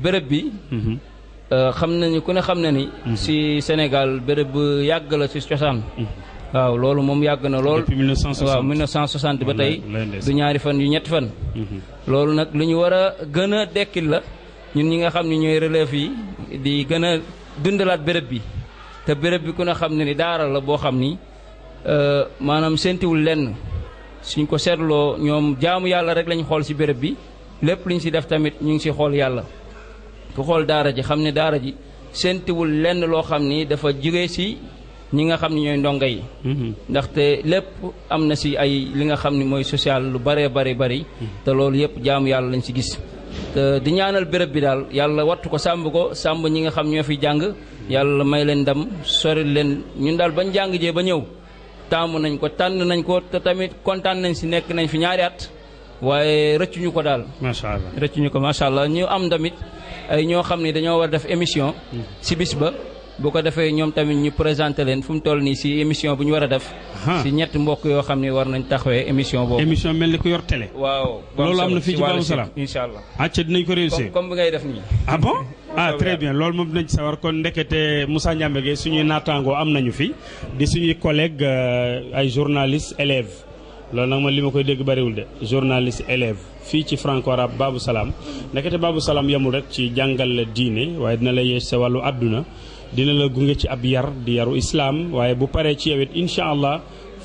béréb bi. Mhm. Euh, xam nañu ku ne xam na ni. Mhm. si Sénégal béréb bu yàgg la si cosaan. Mhm. waaw loolu moom yàgg na lool. depuis 1960 waaw 1960 ba tey du ñaari fan yu ñetti fan. Mhm. loolu nag lu ñu war a gën a dekkil la ñun ñi nga xam ne ñooy relève yi di gën a dundalaat béréb bi te béréb bi ku ne xam ne ni daaral la boo xam ni euh, maanaam séntiwul lenn suñ ko seetloo ñoom jaamu yàlla rek lañ xool si béréb bi lépp luñ si def tamit ñu ngi si xool yàlla. ku xool daara ji xam ne daara ji séntiwul lenn loo xam ni dafa jóge si ñi nga xam ne ñooy ndongo yi mm-hmm. ndaxte lépp am na si ay li nga xam ni mooy social lu bare bare bari mm-hmm. te loolu yëpp jaamu yàlla lañ si gis te di ñaanal béréb bi daal yàlla wattu ko sàmb ko sàmb ñi nga xam ñoo fi jàng yàlla may leen ndam sori leen ñun daal bañ jàng jee ba ñëw taamu nañ ko tànn nañ ko te tamit kontaan nañ si nekk nañ fi ñaari at waaye rëccuñu ko daal macha ay ñoo xam ni dañoo war def émission si hmm. ba bu ko defee ñoom tamit ñu présente leen fu mu toll nii si émission bu ñu war a def. si ñett mbokk yoo xam ne war nañ taxawee émission boobu. émission mel ni ku yor télé. waaw loolu am na fii ci Babou Salam incha allah. acca dinañ comme bi ngay def nii. ah bon [LAUGHS] ah très bien loolu moom dinañ sawar ko ndekete Moussa Ndiambé Guèye suñuy naataangoo am nañu fi di suñuy collègues euh, ay journalistes élèves. loolu nag man li ma koy dégg bariwul de journaliste élève fii ci franco arabe Babou Salam ndekete baabu salaam yemul rek ci jàngal la diine waaye dina la yees sa wàllu àdduna dina la gunge ci ab yar di yaru islaam waaye bu paree ci yewet incha allah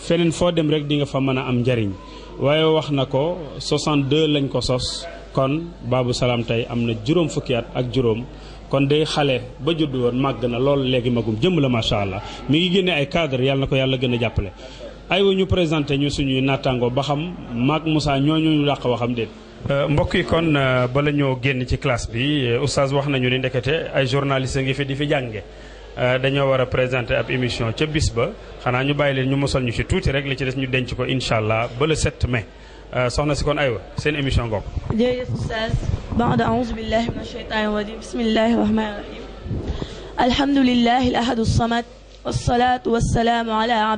feneen foo dem rek di nga fa mën a am njariñ waaye wax na ko 62 lañ ko sos kon Babou salaam tey am na juróom fukkiyaat ak juróom kon dey xale ba judd woon màgg na lool léegi magum jëmm la macha allah mi ngi ay cadre yàlla na ko yàlla gën a jàppale aywa ñu présenté ñu suñuy naataango ba xam maak Moussa ñooñu ñu làq waxam déet. Euh, mbokk yi kon euh, ba ñoo génn ci classe bi euh, oustaz wax nañu ni ndekete ay journaliste ngi fi di fi jànge dañoo war a présenter ab émission ca bis ba xanaa ñu bàyyi leen ñu mosal ñu ci tuuti rek li ci des ñu denc ko incha allah ba le 7 mai soxna si kon aywa seen émission ngoog. jërëjëf oustaz baada auzu billahi min asheytaani rajim bismillahi a rahim alhamdulillahi al ahadu samad wasalaatu wasalaamu ala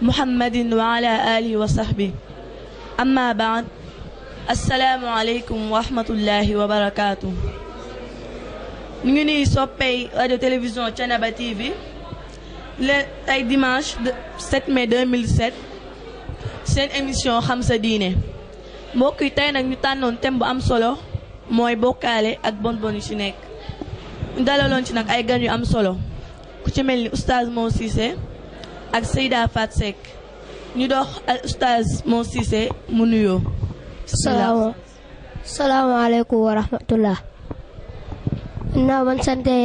muhammadin wa ala alihi wa sahbi amma baad assalaamu aleykum wa rahmatullahi wa barakaatu ñu ngi nuy soppey radio télévision Thiénaba TV le tey dimanche 7 mai 2007 seen émission xam sa diine mbokk yi tey nag ñu tànnoon thème bu am solo mooy bokkaale ak bonbon yu ci nekk ñu dalaloon ci nag ay gan yu am solo ku ci mel ni oustaz Mor ak Seyda Fat Seck ñu dox al oustaz Mor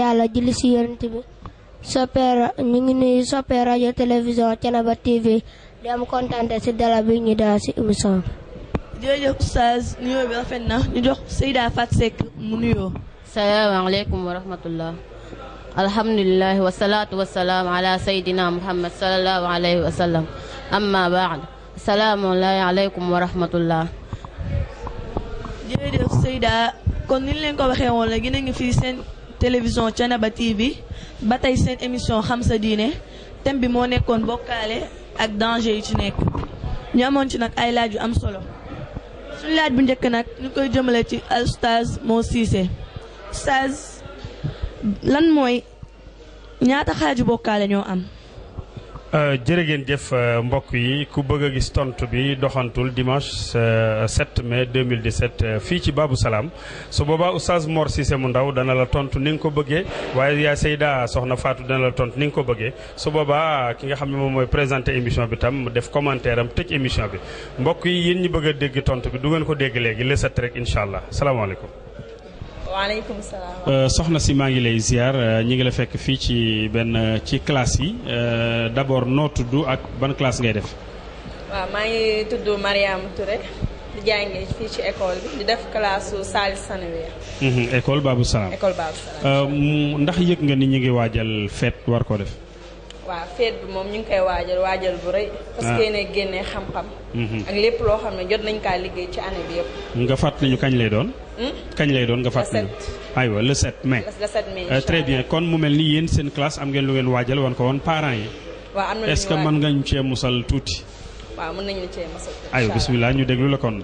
yàlla julli ci yonent bi. soppee ñu ngi nuyu soppee rajo télévision Thiénaba TV di am kontaan si dala bi ñu daal si émission bi. jërëjëf oustaz nuyoo bi rafet na ñu jox Seyda Fat Seck mu nuyoo. salaamaaleykum wa rahmatullah. alhamdulilah wasalaatu wasalaam ala sayyidina muhammad sallallahu alayhi wa sallam amma baad salaamu aleykum kon ni leen ko waxee woon la ngi fii seen télévision Thiénaba TV ba tey seen émission xam sa diine thème bi moo nekkoon bokkaale ak danger yi ci nekk ñu ci nag ay laaj yu am solo suñu laaj bu njëkk nag ñu koy jëmale ci Oustaz Mor Cissé lan mooy ñaata xaaju bokkaale ñoo am. Euh, jërëgeen jëf euh, mbokk yi ku bëgg a gis tontu bi doxantul dimanche 7 euh, mai 2017 fii ci Babou Salam su boobaa oustaz Mor Cissé mu ndaw dana la tontu ni nga ko bëggee waaye yaa Seyda soxna Fatou dana la tont ni nga ko bëggee su boobaa ki nga xam ne moom mooy présenté émission bi tam def commentaire am tëj émission bi mbokk yi yéen ñi bëgg a dégg tontu bi du ngeen ko dégg léegi le 7 rek incha allah salaamaaleykum. waaleykum euh, soxna si maa ngi lay ziar euh, ñu ngi la fekk fii ci benn euh, ci classe yi d'abord noo tudd ak ban classe ngay def. waaw maa ngi tudd Mariam Touré di jàngee fii ci école bi di def classe su Salis Sanawé. Mhm, école Babou Salam école Babou Salam. ndax yëg nga ni ñu ngi waajal fête war ko def. waaw fête bi moom ñu ngi koy waajal waajal bu rëy. Ah. parce que yéen génnee xam-xam. Mhm. ak lépp loo xam ne jot nañ kaa liggéey ci année bi yëpp. nga fàttali ñu kañ lay doon. Hmm? kañ lay doon nga fàttali ñu. aywa le 7 mai. le 7 mai euh, très bien kon mu mel ni yéen seen classe am ngeen lu ngeen waajal wan ko woon parents yi. waaw am na que mën nga ñu cee musal tuuti. waaw mën nañu cee musal tuuti. aywa bisimilah ñu déglu la kon.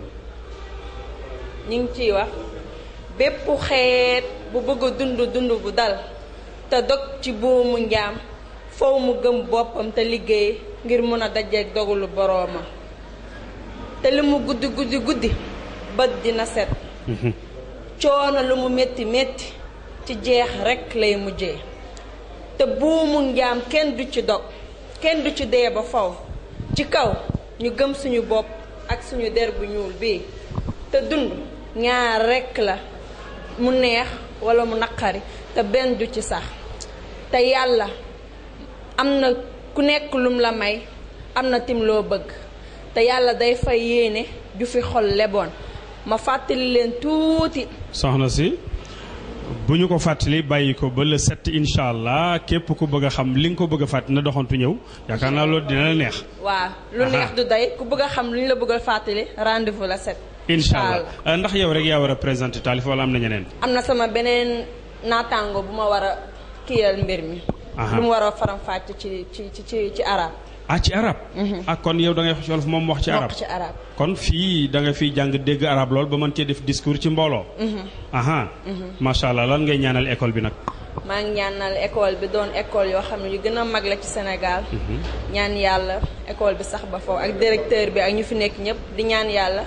ñu ngi ciy wax bépp xeet bu bëgg a dund dund bu dal te dog ci buumu njaam foow mu gëm boppam te liggéey ngir mën a dajeek dogulu boroomam te li mu guddi guddi bët dina set mhm. coono lu mu metti metti ci jeex rekk lay mujje te buumu njaam kenn du ci dog kenn du ci dee ba faw ci kaw ñu gëm suñu bopp ak suñu der bu ñuul bii te dund ñaar rekk la mu neex walla mu naqari te benn du ci sax te yàlla am na ku nekk lum la may am na tim loo bëgg te yàlla day fay yéene ju fi xol leboon ma fàttali leen tuuti. soxna si bu ñu ko fàttali bàyyi ko ba le sept incha allah képp ku bëgg a xam li nga ko bëgg a fàttali na doxantu ñëw yaakaar naa loolu dina la neex. waaw lu neex du ku bëgg xam lu la bëgg a fàttali rendez-vous la incha allah euh, ndax yow rek yaa war a présenté taalif am na ñeneen. am na sama beneen naataango bu ma war a kiyal mbir mi. lu mu war a faram fàcc ci ci ci ci arab ah ci arab mhm. ah, kon yow da ngay wax ci wolof moom wax ci arab ci arab kon fii danga fi jàng dégg arab lool ba mën cee def discours ci mbooloo mhm. aha mhm. allah lan ngay ñaanal école bi nag maa ngi ñaanal école bi doon école yoo xam ne yu gën a mag la ci Sénégal ñaan yàlla école bi sax ba foofu ak directeur bi ak ñu fi nekk ñëpp di ñaan yàlla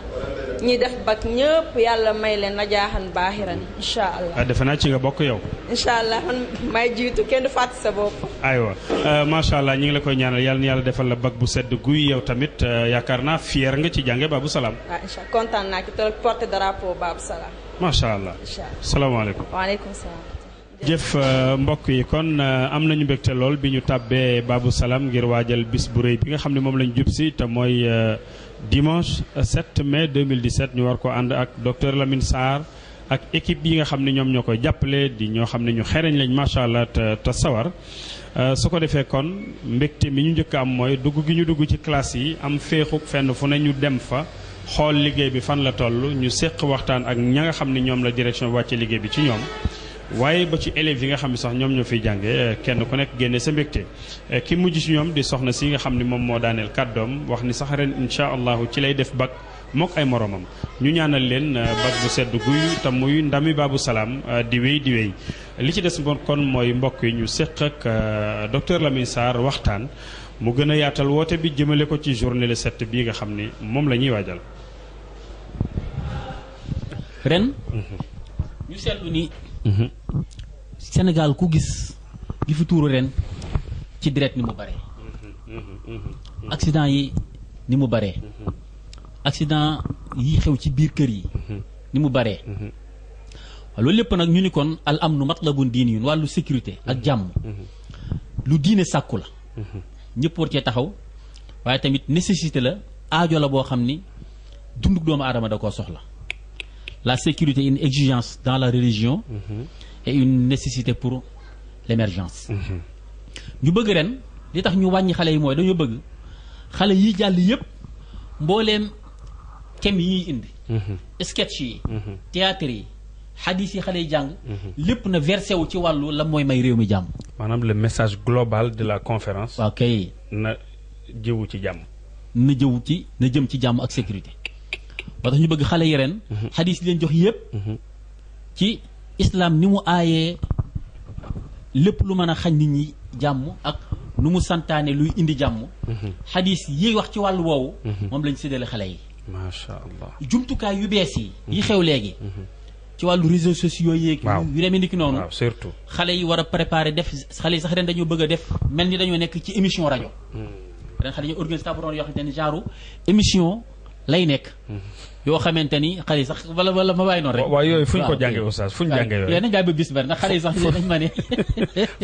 ñi def bac ñëpp yàlla may leen na jaaxan baaxiran incha allah. Ah, defe naa ci nga bokk yow. incha allah man may jiitu kenn du fàtte sa bopp. aywa euh, macha allah ñu ngi la koy ñaanal yàlla yàlla defal la bac bu sedd guy yow tamit euh, yaakaar naa fier nga ci jànge Babou Salam. ah kontaan naa ci trop porte drapeau Babou Salam. macha allah incha allah jëf euh, mbokk yi kon am nañu mbégte lool bi ñu tàbbee Babou salaam ngir waajal bis bu rëy bi nga xam ne moom lañu jub si te mooy. dimanche 7 euh, mai 2017 ñu war ko ànd ak docteur Lamine Sarr ak équipe yi nga xam ne ñoom ñoo koy jàppale di ñoo xam ne ñu xereñ lañ macha allah te te sawar euh, su ko defee kon mbégte mi ñu njëkk am mooy dugg gi ñu dugg ci classe yi am féexuk fenn fu ne ñu dem fa xool liggéey bi fan la toll ñu séq waxtaan ak ña nga xam ne ñoom la direction wàcce liggéey bi ci ñoom. waaye ba ci élèves yi nga xam ne sax ñoom ñoo fiy jànge eh, kenn ku nekk génne sa mbégte eh, ki mujj si ñoom di soxna si nga xam ni moom moo daaneel kàddoom wax ni sax ren incha allahu ci lay def bac mook ay moroomam ñu ñaanal leen eh, bac bu sedd guy te muy ndami baabu salaam di wéy di wéy li ci des bon kon mooy mbokk yi ñu séq ak docteur Lamine saar waxtaan mu gën a yaatal woote bi jëmale ko ci journée le sept bii nga xam ni moom la ñuy waajal Mhm. Sénégal ku gis li fi tuuru ren ci direct ni mu bare mhm, mhm, accident yi ni mu bare accident yi xew ci biir kër yi ni mu bare loolu lépp nag ñu ni kon al am nu matlabun diin yun wàllu sécurité ak jàmm lu diine sàkku la ñëpp war cee taxaw waaye tamit nécessité la aajo la boo xam ni dunduk doomu aadama da ko soxla la sécurité est une exigence dans la religion mhm. et une nécessité pour l'émergence mhm. ñu bëgg ren li tax ñu wàññi xale yi mooy dañoo bëgg xale yi jàll yëpp mbooleem thème yi indi mhm. sketch yi théâtre yi xadis yi xale yi jàng lépp na versé wu ci wàllu la mooy may réew mi jàmm maanaam le message global de la conférence waaw kay na jëwu ci jàmm na jëwu ci na jëm ci jàmm ak sécurité ba tax ñu bëgg xale yi ren. Mhm. xadis yi leen jox yëpp. Mhm. ci islaam ni mu aayee lépp lu mën a xañ nit ñi jàmm ak nu mu santaane luy indi jàmm. Mhm. xadis yi wax ci wàllu woowu. moom lañ séddale xale yi. macha allah jumtukaay yu bees yi. yi xew léegi. ci wàllu réseaux sociaux yeeg. yu demee ni ki noonu. surtout xale yi war a préparer def xale yi sax ren dañoo bëgg a def mel ni dañoo nekk ci émission rajo. ren xale yi ñu organisé tabu yoo xam ne genre émission lay nekk. yoo xamante ni xale yi sax wala wala ma bàyyi noonu rek. waaw yooyu fu ñu ko jàngee oustaz fu ñu jàngee yooyu. yéen a ngi bis bari ndax xale yi sax dañ ma ne.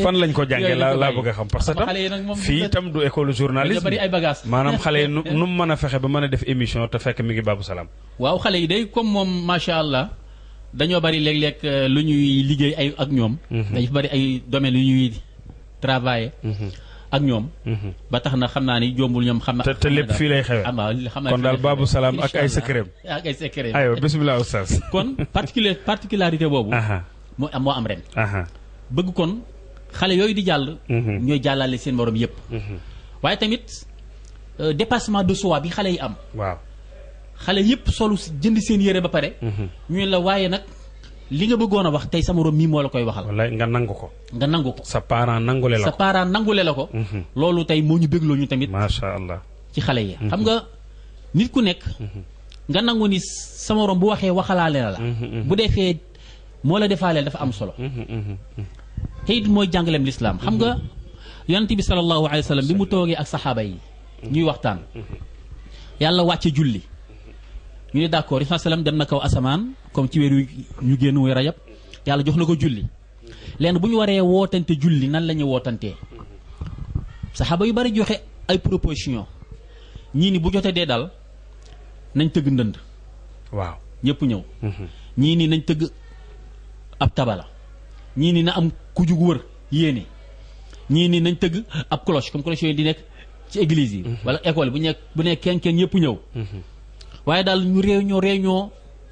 fan lañ ko jàngee laa laa bëgg a xam parce que tam fii itam du école journalisme bari ay bagages. maanaam xale yi nu [LAUGHS] nu mu mën a fexe ba mën a def émission te fekk mi ngi Babou Salam. waaw xale yi day comme moom macha allah dañoo bari léeg-léeg euh, lu ñuy liggéey ay ak ñoom. Mhm. dañu bari ay domaines yu ñuy travailler. Mhm. ak ñoom. Mhm. ba tax na xam naa ni jombul ñoom xam na. te te lépp fii lay xewee. xam naa kon daal Babou Salam ak ay secret. ak ay secret aywa bisimilah oustaz. kon particulier particularité boobu. moo am moo am ren. bëgg kon xale yooyu di jàll. Mhm. ñooy jàllale seen morom yëpp. Mhm. waaye tamit euh, dépassement de soi bi xale yi am. waaw xale yëpp solu jënd seen yére ba pare. ñu la waaye nag. li nga bëggoon a wax tey sa morom mii moo la koy waxal. wallaay nga nangu ko. nga nangu ko sa parent nangule la ko sa parent nangule la ko. Mhm. loolu tey moo ñu bégloo ñu tamit. macha ci xale yi. xam mhm. nga nit ku nekk. Mhm. nga nangu ni sa bu waxee waxalaale la la. bu defee moo la defaaleel dafa am solo. te mooy jàngaleem lislaam xam nga yonent bi sallallahu alayhi wa sallam bi mu toogee ak saxaaba yi. ñuy waxtaan. yàlla wàcce julli. ñu ne d' accord isa salaam dem na kaw asamaan comme ci weer yu ñu génn muy rajab yàlla jox na ko julli leen bu ñu waree wootante julli nan la ñuy wootantee saxaaba yu bari joxe ay proposition ñii ni bu jotee dee dal nañ tëgg ndënd waaw ñëpp ñëw mhm. ñii nii nañ tëgg ab tabala ñii nii na am ku jug wër yéene ñii ni nañ tëgg ab cloche comme cloche yooyu di nekk ci église yi mhm. wala école bu nekk bu nekk kenn kenn ñëpp ñëw mhm. waaye daal ñu réunion réunion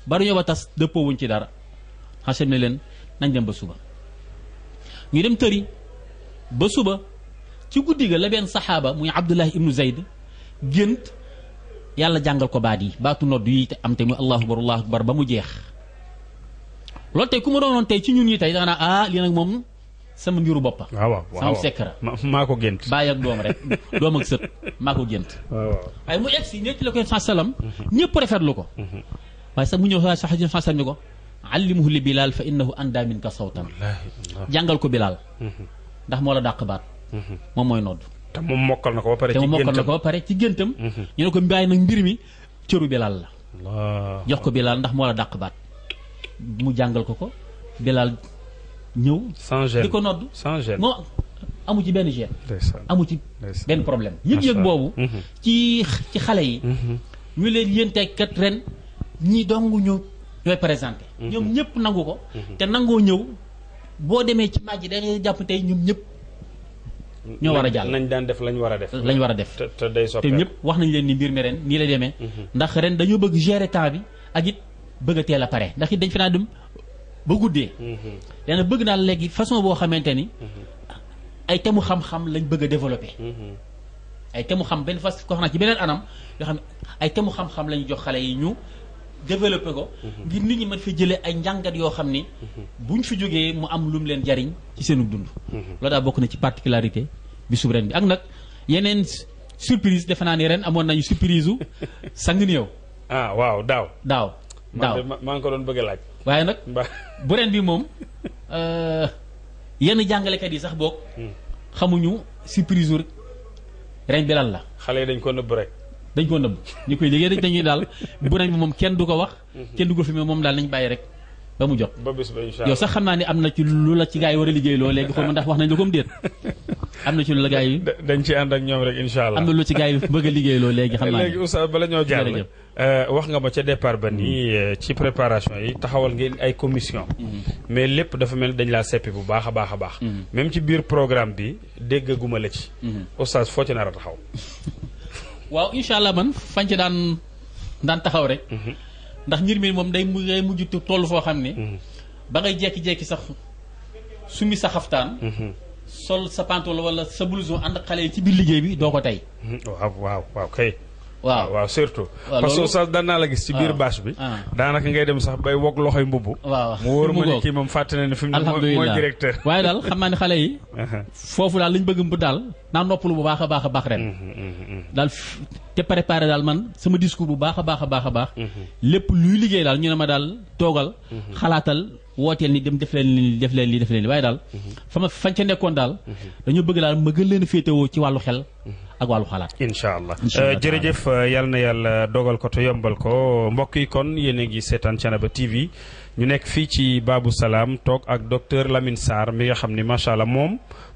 ba dañoo ba tas dëppoo wuñ ci dara Hachim ne leen nañ dem ba suba ñu dem tëri ba suba ci guddi ga la benn saxaaba muy Abdullahi ibnu Zayd gént yàlla jàngal ko baat yi baatu nodd yi te am te muy allahu akbar allahu bar ba mu jeex loolu tey ku ma doonoon tey ci ñun ñi tey danga naa ah, lii nag moom sama mbiru boppa waaw waaw sama sekkara maa ko gént bàyyi ak doom rek [LAUGHS] doom ak sët maa ko gént waaye mu egg si la koy salam ñëpp rafetlu ko mhm. waaye sax mu ñëw sax sax sax ni ko allimuhu li bilaal fa innahu anda min ka sawtan jàngal ko bilaal mhm. ndax moo la dàq baat mhm. moom mooy nodd te moom mokkal na ko ba pare te moom mokkal na ko ba pare ci géntam ñu ne ko mbaay nag mbir mi cëru bilaal la jox ko bilaal ndax moo la dàq baat mu jàngal ko ko bilaal ñëw. sans gêne ko nodd sans gêne moo amu ci benn gêne. amu ci benn problème. yëg-yëg boobu. Mhm. ci ci xale yi. Mhm. ñu leen yéen tey ren ñi dong ñu ñooy présenté. Mhm. ñoom ñëpp nangu ko. te nangoo ñëw boo demee ci màgg yi jàpp tey ñoom ñëpp. ñoo war a jàll nañ daan def lañ war a def. lañ war a def te day soppeeku ñëpp wax nañ leen ni mbir mi ren nii la demee. ndax ren dañoo bëgg gérer temps bi ak it bëgg a teel a pare ndax it dañ fi naa dem ba guddee. Mhm. nee bëgg naa léegi façon boo xamante ni. Mhm. ay thèmes mu xam-xam lañ bëgg a développé. Mhm. ay thèmes xam benn fas ko xam ci beneen anam yoo xam ay thèmes mu xam-xam lañ jox xale yi ñu développé ko. ngir nit ñi mën fi jëlee ay njàngat yoo xam ni. buñ fi jógee mu am lu mu leen jariñ ci seenu dund. loolu daal bokk na ci particularité bi sub ren bi ak nag yeneen surprise defe naa ni ren amoon nañu surprise u sang ni yow. ah waaw daaw. daaw daaw man maa ngi ko doon bëgg waaye nag bu ren bi moom euh, yenn jàngalekat yi sax boog. Hmm. xamuñu surprise rek ren bi lan la. xale yi dañ ko nëbb rek. dañ ko nëbb ñu koy liggéey dañuy daal bu bi moom kenn du ko wax. Hmm. kenn du ko fi moom daal nañ bàyyi rek ba mu jot. ba bis ba incha allah yow sax xam naa ne am na ci lu la ci gaa yi war a liggéey loo léegi xaw ma ndax na ci lu ci na lu ci gaa yi bëgg a liggéey loo léegi. xam naa ne léegi oustaz bala ñoo Euh, wax nga ma ca départ ba nii mm. euh, ci préparation yi taxawal ngeen ay commission mm. mais lépp dafa mel dañ laa seppi bu baax a baax a baax mm. même ci biir programme bi déggaguma la ci oustaz foo ci nara a taxaw [LAUGHS] waaw incha man fañ ci daan daan taxaw rek mm-hmm. ndax mbir mi moom day ngay mujj toll foo xam ni mm-hmm. ba ngay jekki-jekki sax sumi sa xaftaan mm-hmm. sol sa pantalon wala sa blouson ànd xale yi ci biir liggéey bi doo ko tey waaw waaw waaw surtout. parce que sax daan naa la gis ci biir bâche bi. Ah. daanaka ngay dem sax bay wog loxoy mbubb. waaw mu wóor ma ne kii moom fàtte na ne fi mu. alhamdulilah mooy directeur. [LAUGHS] waaye daal xam naa ne xale yi. Uh-huh. foofu daal li ñu bëgg mu daal naa noppalu bu baax a baax a baax ren. Mm-hmm, mm-hmm. daal te préparé daal man sama discours bu baax a baax a baax a baax. Mm-hmm. lépp luy liggéey daal ñu ne ma daal toogal. xalaatal wooteel ni dem def leen li def leen li def leen li waaye daal. fa ma fañ ca nekkoon daal. dañoo bëgg daal ma gën leen a féetewoo ci wàllu xel ak wàllu incha allah euh, jërëjëf euh, yal na yàlla dogal ko te yombal ko mbokk yi kon yéen a ngi seetaan Thiénaba TV ñu nekk fii ci baabu salaam toog ak docteur lamin Sarr mi nga xam ni macha allah moom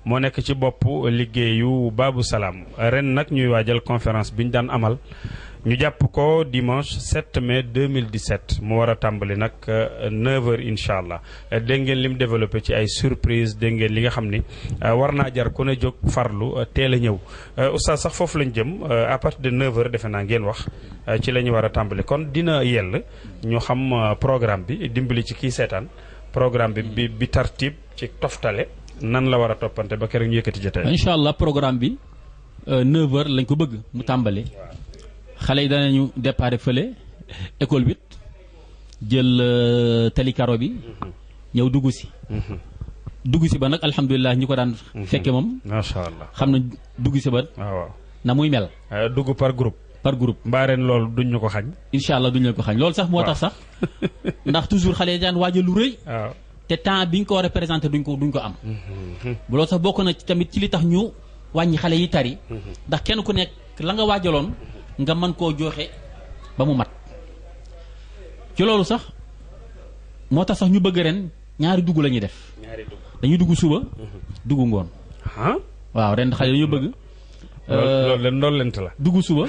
moo nekk ci bopp liggéeyu Babou salaam ren nag ñuy waajal conférence bi ñu daan amal. ñu jàpp ko dimanche 7 mai 2017 mu war a tàmbali nag 9h euh, incha allah euh, dégg ngeen lim développé ci ay surprise dégg ngeen li nga xam ni euh, war naa jar ku ne jóg farlu teel a ñëw oustaz sax foofu lañ jëm à partir de 9h defe naa ngeen wax ci la ñu war a tàmbali kon dina yell ñu xam programme bi dimbali ci kii seetaan programme bi bi bi tartib ci toftale nan la war a toppante ba keroog ñu yëkkati jotaay. incha allah programme bi 9h lañ ko bëgg mu tàmbali. xale yi danañu départ fële école huit jël euh, tali karo bi ñëw dugg si dugg si ba nag alhamdulilah ñu ko daan fekke moom macha allah xam na dugg si ba ah, waaw na muy mel ah, dugg par group par groupe mbaa ren loolu duñ ñu ko xañ incha allah duñ leen ko xañ loolu sax moo tax sax [LAUGHS] ndax toujours xale yi daan waajal lu rëy ah. te temps bi ñu ko war a présenté duñ ko duñ ko am bu mhm. loolu sax bokk na tamit ci li tax ñu wàññi xale yi tari mhm. ndax kenn ku nekk la nga waajaloon mhm. nga man koo joxe ba mu mat ci loolu sax moo tax sax ñu bëgg ren ñaari dugg la ñuy def. ñaari dañuy dugg suba. Mhm. dugg ngoon. waaw ren xale dañu bëgg. loolu euh, loolu la. dugg suba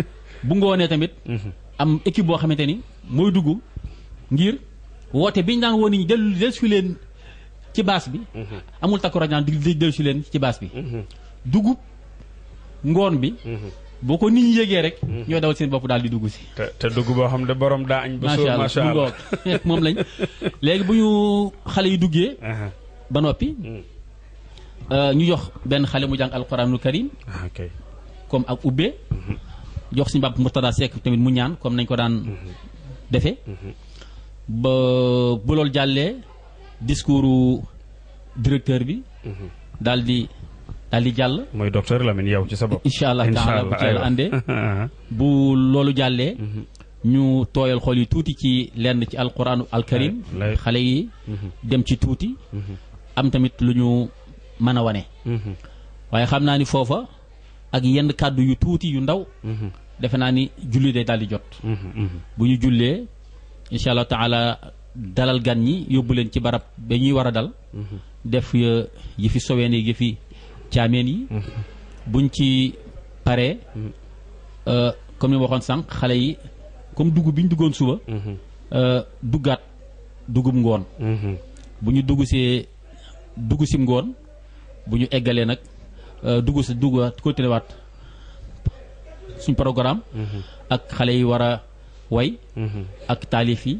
[LAUGHS] bu ngoonee tamit. Mhm. am équipe boo xamante ni mooy dugg ngir woote biñ daan woon ni dellu dellusi leen ci baas bi. Mhm. amul takku rajo di dellusi leen ci baas bi. dugub ngoon bi. boo ko nit ñi yéegee rek. ñooy dawal seen bopp daal di dugg si. te te dugg boo xam ne borom daa añ. ba suur macha allah [LAUGHS] moom lañ léegi bu ñu xale yi duggee. ba noppi. Mm. Euh, ñu jox benn xale mu jàng alquranul karim. Ah, comme ak ubbe. Mhm. jox suñu bàb Murtada Seck tamit mu ñaan comme nañ ko daan mhm. defee. Mhm. ba bu loolu jàllee discours directeur bi. daal daal jàll. mooy docteur Lamine yow ci sa bopp. taala [LAUGHS] bu loolu jàllee. tooyal xol yi tuuti ci lenn ci alquraanu alkarim xale yi mhm. dem ci tuuti. Mhm. am tamit lu ñu mën a wane. Mhm. waaye xam naa ni foofa ak yenn kàddu yu tuuti yu ndaw. defe naa ni julli day di jot. bu ñu jullee incha taala dalal gan ñi yóbbu leen ci barab ba ñuy war a dal. def yëfi soween yi yëfi caameen yi mm-hmm. buñ ci paree mm-hmm. euh, comme ni ma sànq xale yi comme dugub bi ñu duggoon suba mm-hmm. euh, duggaat dugub ngoon bu ñu dugg see dugg si ngoon bu ñu eggalee nag euh, dugg si dugg continué waat suñ programme ak xale yi war a way ak taalif yi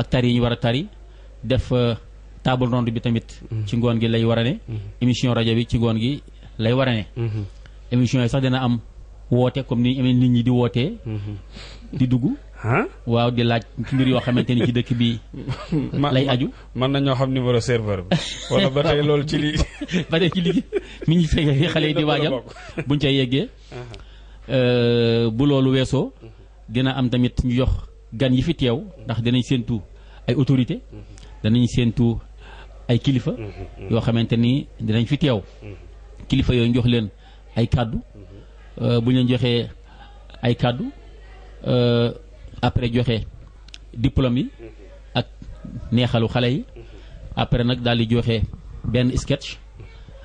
ak tari yi ñu war tari def table ronde bi tamit. ci ngoon gi lay war a ne. Mm-hmm. émission rajo bi ci ngoon gi lay war a ne. Mm-hmm. émission yi sax dina am woote comme ni nit ñi di wootee. Mm-hmm. di dugg. waaw di laaj mbir yoo xamante ni ci dëkk bi. [LAUGHS] lay aju man man nañoo xam numéro serveur bi. wala ba tey loolu ci lii. [LAUGHS] ba tey ci lii [LAUGHS] mi ngi fekk xale yi di waajal buñ ca yeggee. Uh-huh. Euh, bu loolu weesoo. dina am tamit ñu jox gan yi fi teew ndax dinañ séentu ay autorité danañ séentu ay kilifa. Mm-hmm, mm-hmm. yoo xamante ni dinañ fi teew. Mm-hmm. kilifa yooyu jox leen ay kàddu. Euh, bu ñu leen joxee ay kàddu euh, après joxe diplôme yi. ak neexalu xale yi. après nag daal di joxe benn sketch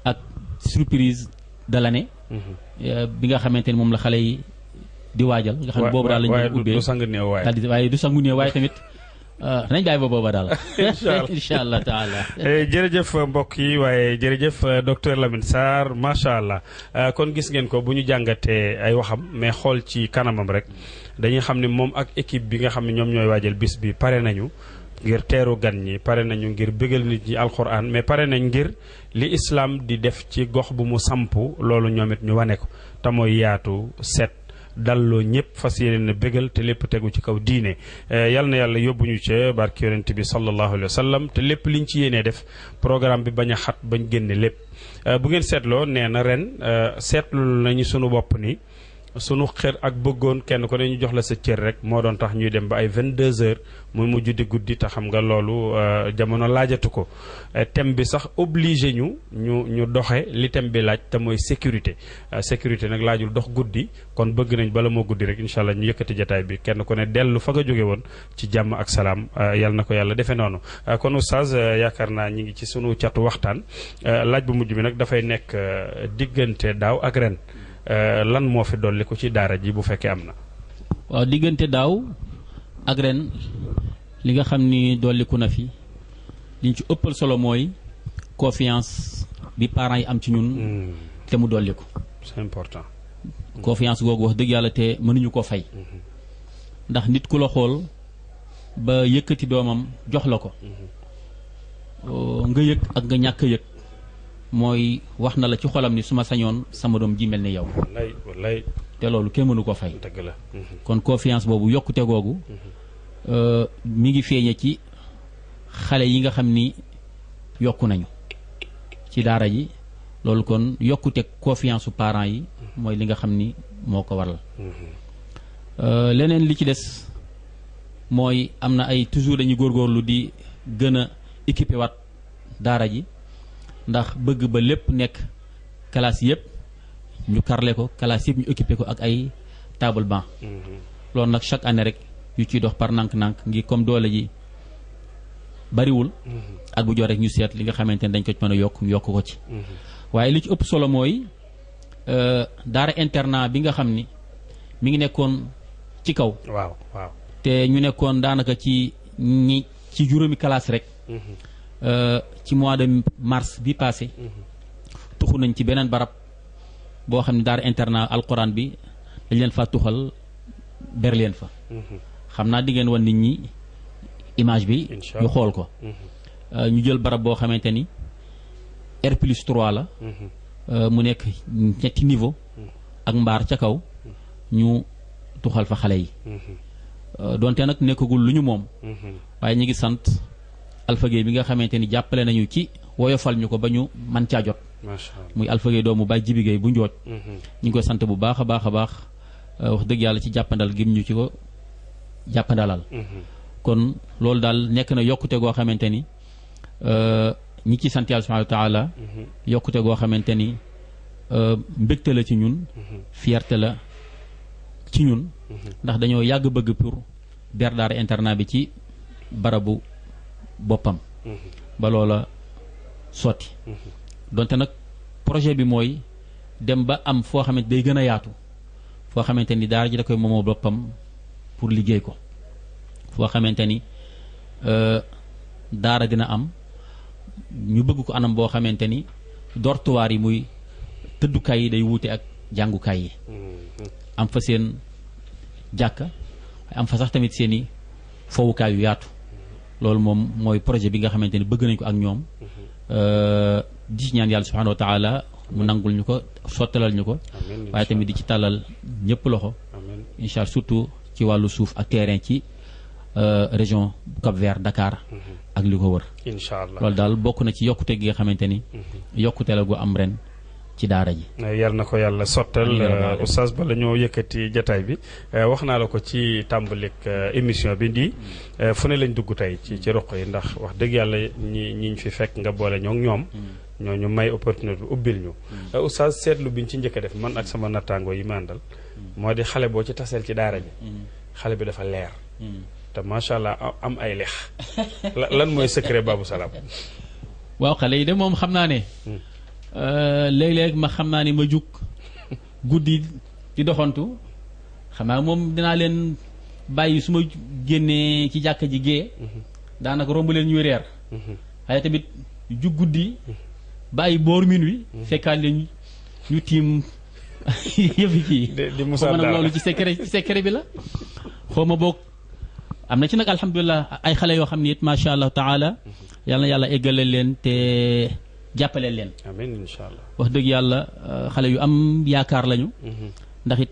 ak surprise de euh, bi nga xamante ni moom la xale yi di waajal. nga xam ne boobu daal lañu ubbee waaye du sangu néew waaye tamit. [LAUGHS] Ah, nañ bàyyi ba booba daal [LAUGHS] incha allah [LAUGHS] taala eh, jërëjëf mbokk yi waaye jërëjëf eh, docteur lamin Sarr macha allah eh, kon gis ngeen ko bu ñu jàngatee ay waxam mais xool ci kanamam rek dañuy xam ne moom ak équipe bi nga xam ne ñoom ñooy waajal bis bi pare nañu ngir teeru gan ñi pare nañu ngir bëggal nit ñi alquran mais pare nañ ngir li islam di def ci gox bu mu samp loolu ñoom it ñu wane ko te yaatu set dalloo ñëpp fas yéene na bégal te lépp tegu ci kaw diine eh, yal na yàlla yóbbuñu ca barki yonent bi sallallahu alayhi wa sallam te lépp liñ ci yéenee def programme bi bañ a xat bañ génne lépp eh, bu ngeen seetloo nee na ren eh, seetlu nañu sunu bopp ni sunu xër ak bëggoon kenn ku ne ñu jox la sa cër rek moo doon tax ñuy dem ba ay 22 heures muy mujj di guddi te xam nga loolu euh, jamono laajatu ko euh, thème bi sax obligé ñu ñu ñu doxe li thème bi laaj te mooy sécurité euh, sécurité nag laajul dox guddi kon bëgg nañ bala moo guddi rek incha allah ñu yëkkati jataay bi kenn ku ne dellu fa nga jóge woon ci jàmm ak salaam yàlla na ko yàlla defee noonu kon oustaz yaakaar naa ñi ngi ci sunu catu waxtaan laaj bu mujj bi nag dafay nekk diggante daaw ak ren Euh, lan moo fi dolli ko ci daara ji bu fekkee am na. waaw diggante daaw ak ren li nga xam ni dolliku na fi liñ ci ëppal solo mooy confiance bi parents yi am ci ñun. Hmm. te mu dolliku. c'est important. confiance googu wax dëgg yàlla te mënuñu ko fay. Hmm. ndax nit ku la xool ba yëkkati doomam jox la ko. Hmm. Oh, nga yëg ak nga ñàkk yëg. mooy wax na la ci xolam ni su ma sañoon sama doom ji mel ni yow. wallaay te loolu kenn mënu ko fay. dëgg la. Mhm. kon confiance boobu yokkute googu. Mhm. Euh, mi ngi feeñe ci xale yi nga xam ni yokku nañu ci daara ji loolu kon yokkute confiance su parents yi mooy li nga xam ni moo ko waral. Mhm. Euh, leneen li ci des mooy am na ay toujours dañuy góorgóorlu di gën a équipé waat daara ji. ndax bëgg ba lépp nekk classe yëpp ñu karle ko classe yëpp ñu occupé ko ak ay table banc mm-hmm. loolu nag chaque année yu ciy dox par nànk-nànk ngi comme doole ji bariwul mm-hmm. at bu jot rek ñu seet li nga xamante ne dañ ko ci mën a yokk yokk ko ci mm-hmm. waaye li ci ëpp solo mooy euh, daara internat bi nga xam ni mi ngi nekkoon ci kaw waaw te ñu nekkoon daanaka ci ñi ci juróomi classe rek euh, ci mois de mars bi passé tuxu nañ ci beneen barab boo xam ne daara internat alquran bi dañ leen fa tuxal ber leen fa xam naa di ngeen wan nit ñi image bi ñu xool ko mhm. euh, ñu jël barab boo xamante ni R plus la mhm. euh, mu nekk ñetti niveau mhm. ak mbaar ca kaw ñu tuxal fa xale yi euh, donte nag nekkagul lu ñu moom waaye ñu ngi sant Alpha bi nga xamante ni jàppale nañu ci woyofal ñu ko ba ñu man caa jot muy Alpha Gueye doomu Baye Jibi Gueye bu njooj mhm. ñu ngi ko sant bu baax a baax a baax euh, wax dëgg yàlla ci jàppandal gim ñu ci ko jàppandalal mhm. kon loolu daal nekk na yokkute goo xamante ni euh, ñi ci sant yàlla subhanahu wa mhm. yokkute goo xamante ni euh, mbégte la ci ñun fierté la ci ñun ndax dañoo yàgg bëgg pour ber daara internat bi ci barabu boppam. ba loola sotti. donte nag projet bi mooy dem ba am foo xamante day gën a yaatu foo xamante ni daara ji da koy moomoo boppam pour liggéey ko foo xamante ni euh, daara dina am ñu bëgg ko anam boo xamante ni dortuwaar yi muy tëddukaay yi day wuute ak jàngukaay yi. Mm-hmm. am fa seen jàkka am fa sax tamit seen i yaatu. loolu moom mooy projet bi nga xamante ni bëgg nañu ko ak ñoom mhm. euh, di ci ñaan yàlla subhanahu wa taala mu nangul ñu ko sottalal ñu ko waaye tamit di ci tàllal ñëpp loxo incha allah surtout ci wàllu suuf ak terrain ci euh, région Cap-Vert dakaar mhm. ak li ko wër incha allah loolu daal bokk na ci yokkute gi nga xamante ni mhm. yokkute la gu am ren ci daara ji. Eh, yar na ko yàlla sottal eh, oustaz ba la ñoo yëkkati jataay bi eh, wax naa la ko ci tàmbalik émission bi di mm. fu ne lañ dugg tey ci ci roq yi ndax wax dëgg yàlla ñi ñiñ fi fekk nga boole ñoo ñoom. Mm. ñoo ñu may opportunité bi ubbil ñu. Mm. oustaz seetlu biñ ci njëkk a def man ak sama nattaangoo yi mandal moo di xale boo ci taseel ci daara ji. xale bi dafa leer. te macha allah am ay lex [LAUGHS] lan mooy secret baabu Salam. waaw xale yi de moom xam naa ne. Euh, léeg-léeg ma xam naa ni ma jug guddi di doxantu xam naa moom dinaa leen bàyyi su ma génnee ci jàkka ji gée daanaka romb leen ñuy reer waaye tamit jug guddi bàyyi boor min wi fekkaan leen ñu tiim [LAUGHS] yëfi kii xaw ma nag loolu ci secret bi la xaw ma bokk am na ci nag alhamdulilah ay xale yoo xam ne it macha allah taala yàlla yàlla eggale leen te jàppale leen. amiin incha allah wax dëgg yàlla euh, xale yu am yaakaar lañu. Mhm. ndax it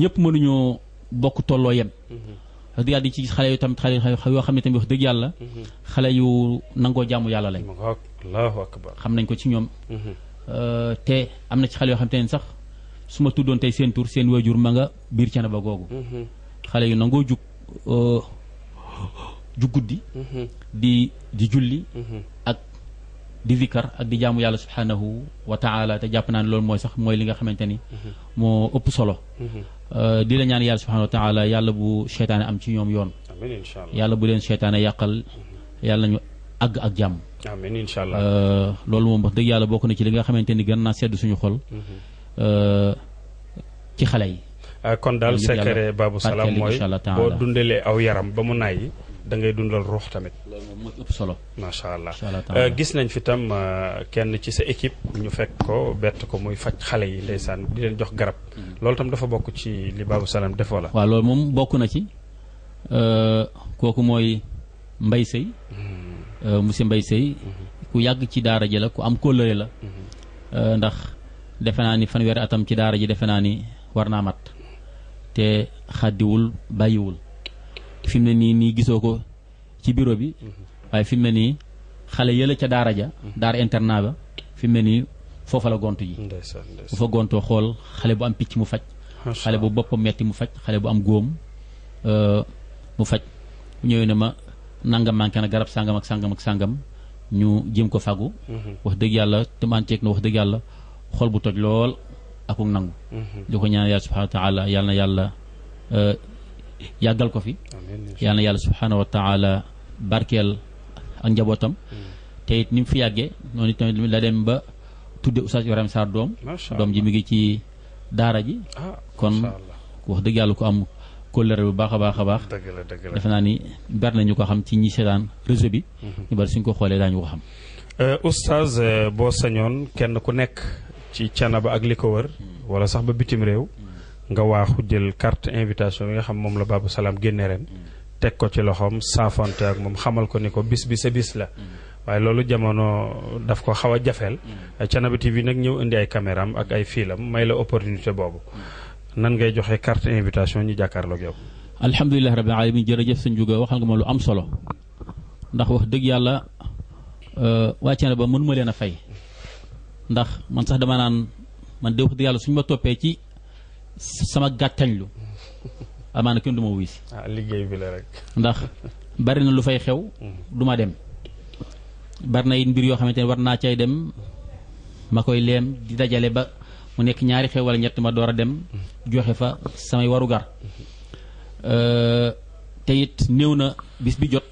ñëpp mënuñoo bokk tolloo yem. Mhm. wax dëgg yàlla di ci xale yu tam xale yoo xam ne tamit wax dëgg yàlla. Mhm. xale yu nangoo jaamu yàlla lañ. allahu akbar xam nañ ko ci ñoom. Euh, te am na ci xale yoo xam te ne sax su ma tuddoon tey seen tur seen waajur ma nga biir cana ba googu. xale yu nangoo jug euh, ju guddi. di julli ak. di zikkar ak di jàmm yàlla subhaanahu wa taala te jàpp naa ne loolu mooy sax mooy li nga xamante ni mm-hmm. moo ëpp solo mm-hmm. euh, di la ñaan yàlla subhaanahu wa yàlla bu seytaane am ci ñoom yoon yàlla bu leen seytaane yàqal mm-hmm. yàlla nañu àgg ak jàmm amiin euh, loolu moom wax dëgg yàlla bokk na ci li nga xamante ni gën naa sedd suñu xol euh, ci xale yi kon daal secret Babou Salam mooy boo dundalee aw yaram ba mu nay da ngay dundal ruux tamit. loolu moom moo ëpp solo. allah euh, gis nañ fi tam euh, kenn ci sa équipe ñu fekk ko bett ko muy faj xale yi ndeysaan di leen jox garab. Mm-hmm. loolu tam dafa bokk ci li Babou Salam def wala. loolu moom bokk na ci euh, kooku mooy Mbaye Seye. Mm-hmm. monsieur mbay Seye. Mm-hmm. ku yàgg ci daara ji la ku am kóllëre la. ndax defe naa ni fanweeri atam ci daara ji defe naa ni war naa mat te xàddiwul bàyyiwul. fi mu ne nii gisoo ko ci bureau bi mhm. waaye fi mu ni xale yëla ca daara ja mhm. daar internat ba fi mu ni nii gont ji bu fa gontoo xool xale bu am picc mu faj xale bu boppam metti mu faj xale bu am góom euh, mu faj ñëw ne ma nangam manqué na garab sàngam ak sàngam ak sàngam ñu jéem ko fagu mhm. wax dëgg yàlla te ceeg na wax dëgg yàlla xol bu toj lool akuk nangu li ñaan yàlla subhanahu wa yàlla yàlla euh, yàggal ko fi yal na yàlla subhaanahu wa taala barkeel ak njabootam hmm. te it ni mu fi yàggee noonu tamit la dem ba tudde Oustaz Ibrahima Sarr doom doom ji mi ngi ci daara ji ah, kon wax dëgg yàlla ko am kóllëre bu baax a baax a baax defe naa ni ber nañu ko xam ci ñi seetaan réseau bi hmm. ñu bari suñ ko xoolee daañu ko xam euh, Oustaz euh, boo sañoon kenn ku nekk ci Thiénaba ak li ko wër hmm. wala sax ba bitim réew nga waaxu jël carte invitation bi nga xam moom la Babou Salam génne ren teg ko ci loxoom saafante ak moom xamal ko ni ko bis bi sa la waaye loolu jamono daf ko xaw a jafeel Thiénaba TV nag ñëw indi ay caméram ak ay fiilam may la opportunité boobu nan ngay joxe carte invitation ñu jàkkaarloog yow alhamdulilah rabbil alamin jërëjëf sëñ Juga waxal nga ma lu am solo ndax wax dëgg yàlla euh, waa ba mënuma leen a fay ndax man sax dama naan man de sama gàttañlu amaana kenn du ma wuy si. Ah, liggéey bi la rek. ndax bari na lu fay xew. Mm. du ma dem. bari na yit mbir yoo xamante ne war naa cay dem ma koy leen di dajale ba mu nekk ñaari xew wala ñett ma door a dem mm. joxe fa samay warugar. Euh, te it néew na bis bi jot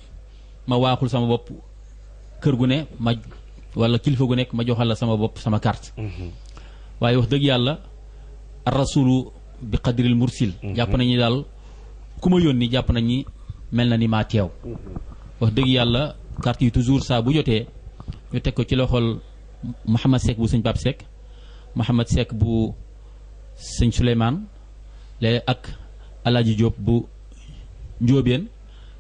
ma waaxul sama bopp kër gu ne ma wala kilifa gu nekk ma joxal la sama bopp sama carte. Mm-hmm. waaye wax dëgg yàlla rasulu bi qadril mursil mhm. jàpp nañu daal ku ma yónni jàpp nañ mel na ni maa teew mhm. wax dëgg yàlla carte yi toujours saa bu jotee ñu teg ko ci loxol Mouhamad Seck bu sëñ Pape Seck Mouhamad Seck bu sëñ Souleymane léeg ak Alaaji Diop bu Njóobeen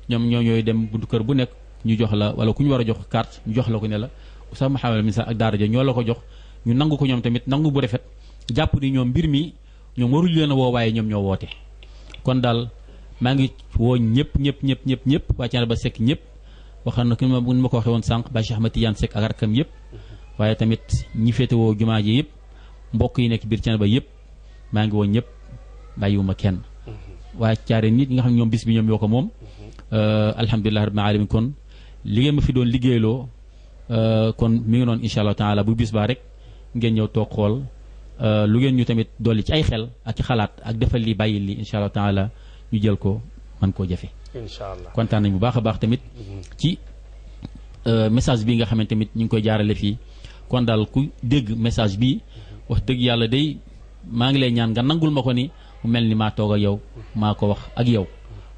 ñoom ñoo ñooy dem buntu kër bu nekk ñu jox la wala ku ñu war a jox carte ñu jox la ko ne la Oustaz Mouhamed Missa ak daara ja ñoo la ko jox ñu nangu ko ñoom tamit nangu bu rafet jàpp ni ñoom mbir mi ñoom waruñu leen woo waaye ñoom ñoo woote kon daal maa ngi woo ñëpp ñëpp ñëpp ñëpp ñëpp waa Thiénaba sekk ñëpp waxaan na ku ma ma ko waxee woon sànq Baye Cheikh Ahmed Tidiane Seck ak yëpp waaye tamit ñi féetewoo jumaa ji yëpp mbokk yi nekk biir Thiénaba yëpp maa woo ñëpp bàyyiwuma kenn waaye caare nit ñi nga xam ne ñoom bis bi ñoom yoo ko moom euh, alhamdulilah rabbil alamin kon li ngeen ma fi doon liggéeyloo euh, kon mu ngi noonu incha allah taala bu bis baa rek ngeen ñëw toog xool Euh, lu ngeen ñu tamit dolli ci ay xel ak ci xalaat ak defal li bàyyi li incha allah taala ñu jël ko mën koo jafe. incha kontaan nañ bu baax a baax tamit. Mm-hmm. ci euh, message bi nga xamante tamit ñu ngi koy jaarale fii kon daal ku dégg message bi mm-hmm. wax dëgg yàlla day maa ngi lay ñaan nga nangul ma ko ni mu mel ni maa toog ak yow mm-hmm. maa ko wax ak yow.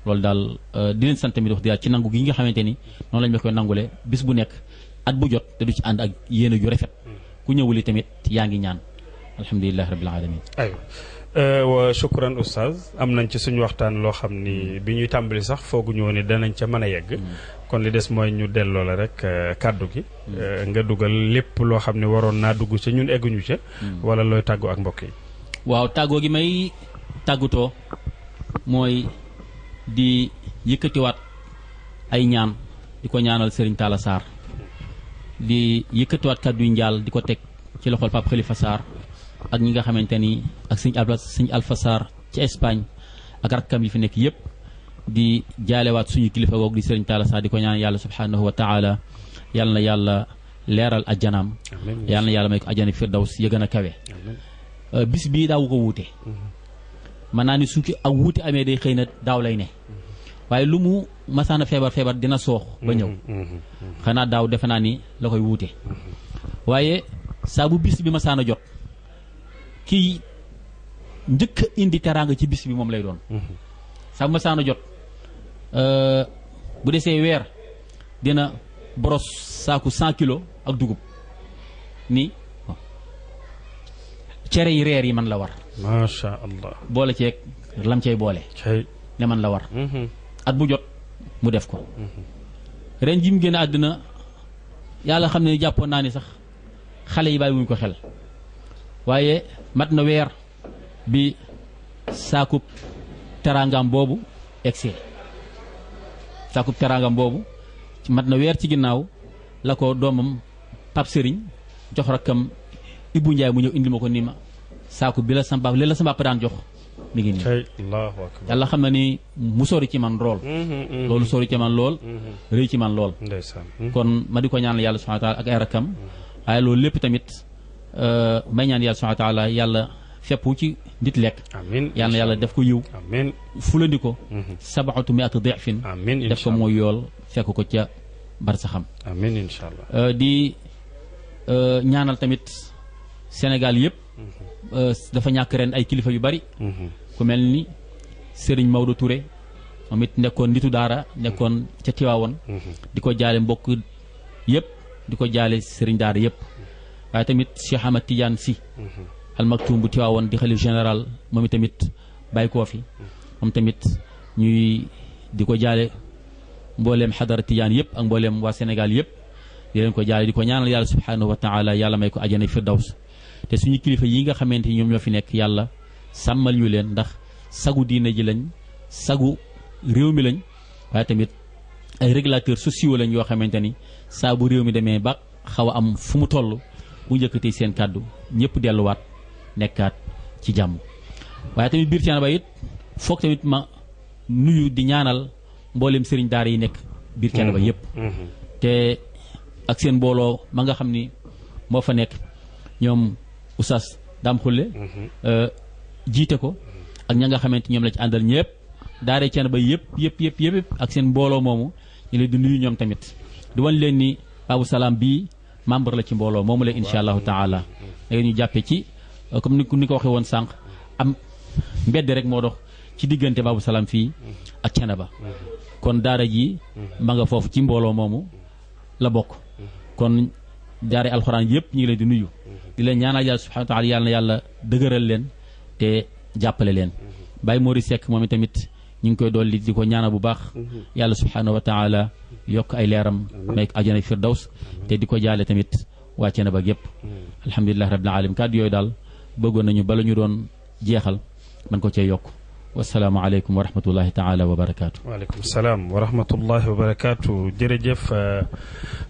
loolu daal euh, di leen sant tamit wax dëgg ci nangu gi nga xamante ni noonu lañ ma koy nangule bis bu nekk at bu jot te du ci ànd ak yéene ju rafet ku ñëwuli tamit yaa ngi ñaan. alhamdulilah rabil alamin aywa euh, wa am nañ ci suñu waxtaan loo xam ni mm. bi ñuy tàmbali sax fooguñu woon ni danañ ca mën a yegg. Mm. kon li des mooy ñu delloo la rek euh, kàddu gi. Mm. Euh, nga dugal lépp loo xam ne waroon naa dugg ca ñun egguñu ca. walla looy tàggoo ak mbokk yi. waaw tàggoo gi may tàggutoo mooy di yëkkatiwaat ay ñaan di ko ñaanal Serigne Talla Sarr di yëkkatiwaat kàddu yu njaal di ko teg ci loxol Pape Khalifa Sarr. ak ñi nga xamante ni ak sëñ Alfa sëñ Alfa Sarr ci Espagne ak rakkam yi fi nekk yëpp di jaalewaat suñu kilifa woog di sëriñ Talla Sarr di ko ñaan yàlla subhaanahu wa taala yàlla na yàlla leeral ajjanaam yàlla na yàlla may ko ajjana firdaws si gën a kawe euh, bis bii daawu ko wuute mën mm-hmm. naa ni suuki ak wuuti amee day xëy na daaw lay ne mm-hmm. waaye lu mu masaana feebar feebar dina soox ba ñëw mm-hmm. xanaa daaw defe naa ni la koy wuute waaye saa bis bi masaana jot kii njëkk indi teraanga ci bis bi moom lay doon. Mhm. sax ma saana euh, desee weer dina boros saaku 100 kilo ak dugub ni cere yi reer yi man la war. macha allah boole ceeg lam cay boole. ne man la war. Mhm. at bu jot mu def ko. Mhm. ren ji mu génn àddina yàlla xam ne jàppoon naa ni sax xale yi bàyyi wuñ ko xel waaye. mat na weer bi saakub teraangam boobu egsee saakub teraangam boobu mat na weer ci ginnaaw la ko doomam Pap Sëriñ jox rakkam Ibou Ndiaye mu ñëw indi ma ko nii ma saakub bi la sama baab li la sama baab daan jox mi ngi nii yàlla xam na ni mu sori ci man rool mm-hmm, mm-hmm. loolu sori ci man lool mm-hmm. rëy ci man lool kon ma di ko ñaanal yàlla subhaanahu ak ay rakkam waaye loolu lépp tamit Euh, may ñaan yàlla subhaanahu wa fépp ci nit lekk. amiin yàlla def ko yiw. amiin fulandi ko. Mhm. sabaxatu mi at dexfin. amiin def ko mooy yool fekk ko ca barsaxam. amiin allah euh, di euh, ñaanal tamit Sénégal yëpp. Mhm. dafa ñàkk ren ay kilifa yu bari. Mhm. ku mel ni Serigne Maodo Touré moom it nekkoon nitu daara nekkoon ca Tiwaawoon. di ko jaale mbokk yëpp di ko jaale Serigne Daara yëpp. waaye tamit Cheikh Ahmad Tidiane si. Mm-hmm. almaktuum bu Tiwaawoon di xalif général moom tamit bàyyi koo fi. Mm-hmm. moom tamit ñuy di ko jaale mbooleem xadara Tidiane yëpp ak mbooleem waa Sénégal yëpp di leen ko jaale di ko ñaanal yàlla subhaanahu wa taala yàlla may ko ajana firdaws te suñu kilifa yi nga xamante ni ñoom ñoo fi nekk yàlla sàmmal ñu leen ndax sagu diina ji lañ sagu réew mi lañ waaye tamit ay régulateurs sociaux lañ yoo xamante ni saabu réew mi demee ba xaw a am fu mu toll. bu njëkkatee seen kàddu ñëpp delluwaat nekkaat ci jàmm waaye tamit biir Thiénaba it foog tamit ma nuyu di ñaanal mboolem sëriñ daara yi nekk biir Thiénaba mhm. yëpp mhm. te ak seen mbooloo ma nga xam ni moo fa nekk ñoom oustaz Dame Khoule mhm. euh, jiite ko ak ña nga xamante ñoom la ci àndal ñëpp daara Thiénaba yëpp yëpp yëpp ak seen mbooloo moomu ñu leen di nuyu ñoom tamit di wan leen ni Babou Salam bii membre la ci mbooloo moomu la incha allahu taala léegi ñu jàppe ci euh, comme ni ni ko waxee woon sànq am mbedd rek moo dox ci diggante Babou Salam fii ak ba kon daara ji ma foofu ci mbooloo moomu la bokk kon daara alxuraan yëpp ñu ngi leen di nuyu di leen ñaanal yàlla yàlla na yàlla dëgëral leen te jàppale leen Baye Mori Seck moom itamit ñu ngi koy doon dolli di ko ñaana bu baax mhm. yàlla subhaanahu wa taala yokk ay leeram may ajana firdaws te di ko jaale tamit wàcce na ba gépp mhm. alhamdulilahi rabbil alamin kàddu yooyu daal bëggoon nañu bala ñu doon jeexal man ko cee yokk wasalaamu wa rahmatullahi taala wa barakaatu waaleykum salaam wa rahmatullahi wa barakaatu jërëjëf euh,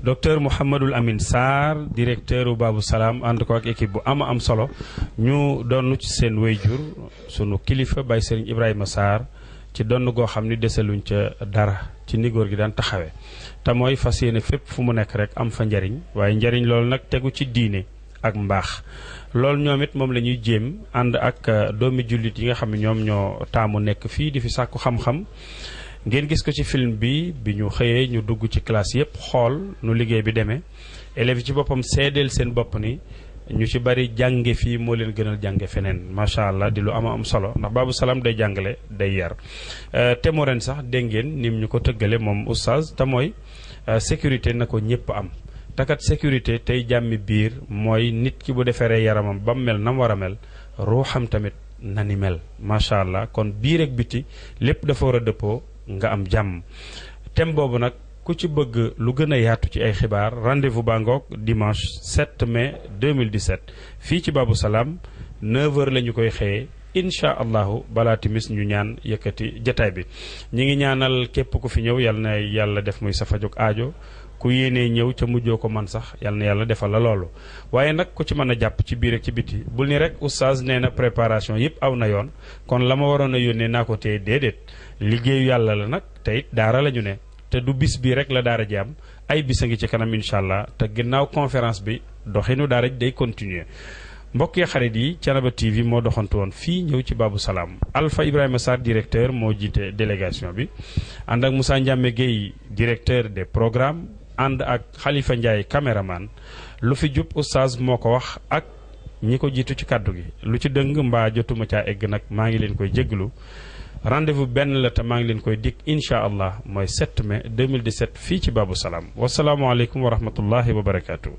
docteur Mouhamadul amin Sarr directeur baabu salaam ànd ko ak équipe bu ama am solo ñu doon ci seen wéyjur sunu kilifa Baye Serigne Ibrahima Sarr ci donn goo xam ni desaluñ ca dara ci ni góor gi daan taxawe te mooy fas yéene fépp fu mu nekk rek am fa njariñ waaye njariñ loolu nag tegu ci diine ak mbaax loolu ñoom it moom la ñuy jéem ànd ak euh, doomi jullit yi nga xam ne ñoom ñoo taamu nekk fii di fi sàkku xam-xam ngeen gis ko ci film bi bi ñu xëyee ñu dugg ci classe yépp xool nu liggéey bi demee élèves ci boppam seedeel seen bopp ni ñu ci bari jànge fii moo leen gënal jànge feneen macha allah di lu ama am solo ndax baabu salaam day jàngale day yar euh, te moo ren sax dégg ngeen nim ñu ko tëggale moom oustaz te mooy euh, sécurité na ko ñëpp am takat sécurité tey jàmmi biir mooy nit ki bu defaree yaramam ba mu mel na mu war a mel ruuxam tamit na ni mel macha allah kon biir ak biti lépp dafa war a dëppoo nga am jàmm thème boobu nag ku ci bëgg lu gën a yaatu ci ay xibaar rendez-vous baa ngoog dimanche 7 mai 2017 fii ci Babou Salam 9h la ñu koy xëyee incha allahu balaa timis ñu ñaan yëkkati jataay bi ñi ngi ñaanal képp ku fi ñëw yal na yàlla def muy sa fajug aajo ku yéenee ñëw ca mujjoo ko man sax yal na yàlla defal la loolu waaye nag ku ci mën a jàpp ci biir ak ci biti bul ni rek oustaz nee na préparation yépp aw na yoon kon la ma waroon a yónnee naa ko tey déedéet liggéeyu yàlla la nag tey daara te du bis bi rek la daara ji am ay bis a ngi ci kanam incha allah te ginnaaw conférence bi doxinu daara ji day continuer mbokk yi xarit yi Thiénaba TV moo doxantu woon fii ñëw ci baabu salaam Alpha Ibrahima Sarr directeur moo jiite délégation bi ànd ak Moussa Ndiame Guèye directeur de programme ànd ak xalifa Ndiaye caméraman lu fi jub oustaz moo ko wax ak ñi ko jiitu ci kàddu gi lu ci dëng mbaa jotuma caa egg nag maa ngi leen koy jégalu. rendez-vous benn la te maa ngi leen koy dikk incha allah mooy 7 mai 2017 fii ci Babou Salam wasalaamualeykum wa rahmatullahi wa barakaatu.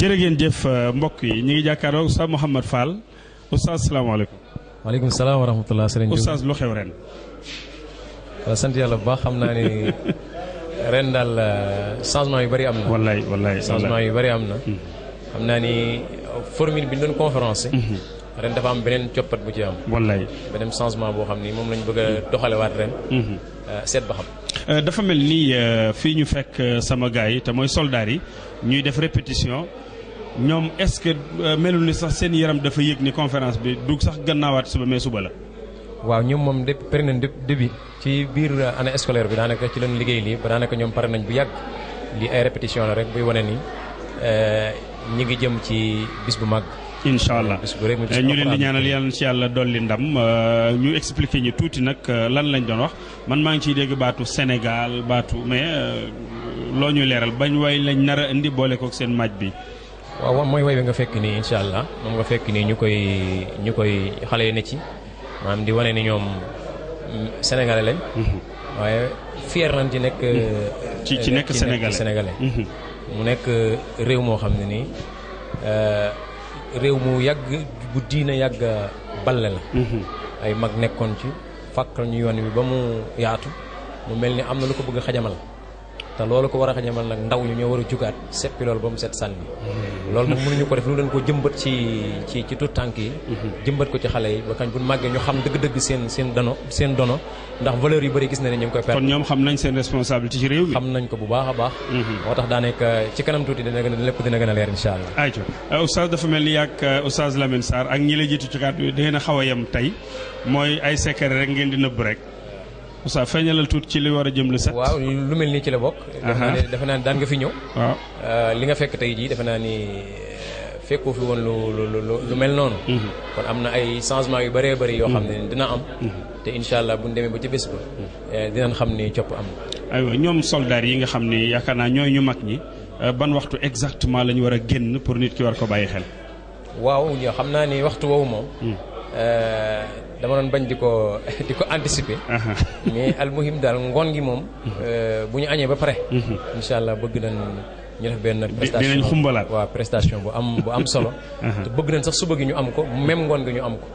jërë ngeen jëf euh, mbokk yi ñu ngi jàkkaarloo Oustaz Mouhamed Fall Oustaz salaamaaleykum. waaleykum salaam wa rahmatulah. sëriñ Oustaz lu xew sant yàlla bu baax xam naa ni [LAUGHS] ren daal euh, changement yu bari am na. wallaay wallaay changement yu bari am na. Hmm. xam naa ni euh, formule bi ñu doon conférence. Hmm. ren dafa am beneen coppat bu ci am. wallaay beneen changement boo xam ni moom lañu bëgg a doxalewaat ren. Hmm. seet ba xam. dafa mel ni fii ñu fekk sama gars yi te mooy soldats yi ñuy def répétition. ñoom est-ce que euh, ni sax seen yaram dafa yëg ni conférence bi dugg sax gannaawaat suba mais suba la. waaw ñoom moom de pare nañ début ci biir euh, année scolaire bi daanaka ci lañ liggéey lii ba daanaka ñoom pare nañ bu yàgg lii ay répétition la rek buy wane ni euh, ñu ngi jëm ci bis bu mag. incha allah ñu leen di ñaanal yàlla ci yàlla dolli ndam ñu expliqué ñu tuuti nag lan lañ doon wax man maa ngi ciy dégg baatu senegaal baatu mais loo ñuy leeral bañ way lañ nar indi boole kook seen maaj bi. waaw mooy woy bi nga fekk nii incha allah moom nga fekk nii ñu koy ñu koy xale yi ne ci maanaam di wane ni ñoom sénégalais lañ. Mm-hmm. waaye fier nañ ci nekk. Mm-hmm. ci ci nekk sénégalais mm-hmm. mu nekk réew moo xam ne nii euh, réew mu yàgg bu diina yàgg balle la. ay mag nekkoon ci fàkkal ñu yoon bi ba mu yaatu mu mel ni am na lu ko bëgg a xajamal. te loolu ko war a xajamal nag ndaw ñi ñoo war a jugaat seppi loolu ba mu set sànni loolu nag mënuñu ko def lu leen ko jëmbat ci ci tànk yi jëmbat ko ci xale yi ba kañ bu màggee ñu xam dëgg-dëgg seen seen dono seen dono ndax valeur yu bëri gis na ne ñu ngi koy perte kon ñoom xam nañ seen responsabilité ci réew mi xam nañ ko bu baax a baax mhm. moo tax daanaka ci kanam tuuti dina gën a lépp dina gën a leer incha allah ayca euh, oustaz dafa mel ni yàgg euh, oustaz Lamine ak ñi a xaw a yem tey mooy ay secret rek rek Oustaz feeñalal tuuti ci li war a jëm lu waaw lu mel nii ci la bokk. defe naa ne daan fi ñëw. Euh, li nga fekk tey jii defe naa ni euh, fekkoo fi woon lu lu lu mel noonu. Mhm. kon am na ay changement yu bëree bëri. yoo xam ne mhm. dina am. Mhm. te incha allah bu demee ba ci bés ba. Euh, xam ni copp am ñoom soldats yi nga xam ne yaakaar naa ñooy ñu mag ñi ban waxtu exactement la ñu war a génn pour nit ki war ko bàyyi xel. waaw xam naa ni waxtu woowu moom. Hmm. dama doon bañ di ko di ko anticiper. Uh-huh. mais almuhim daal ngoon gi moom. Uh-huh. Euh, bu ñu añee ba pare. Uh-huh. incha allah bëgg nañ ñu def benn. prestation dinañ xumbalaat waaw prestation bu am bu am solo. te bëgg nañ sax suba gi ñu am ko même ngoon gi ñu am ko.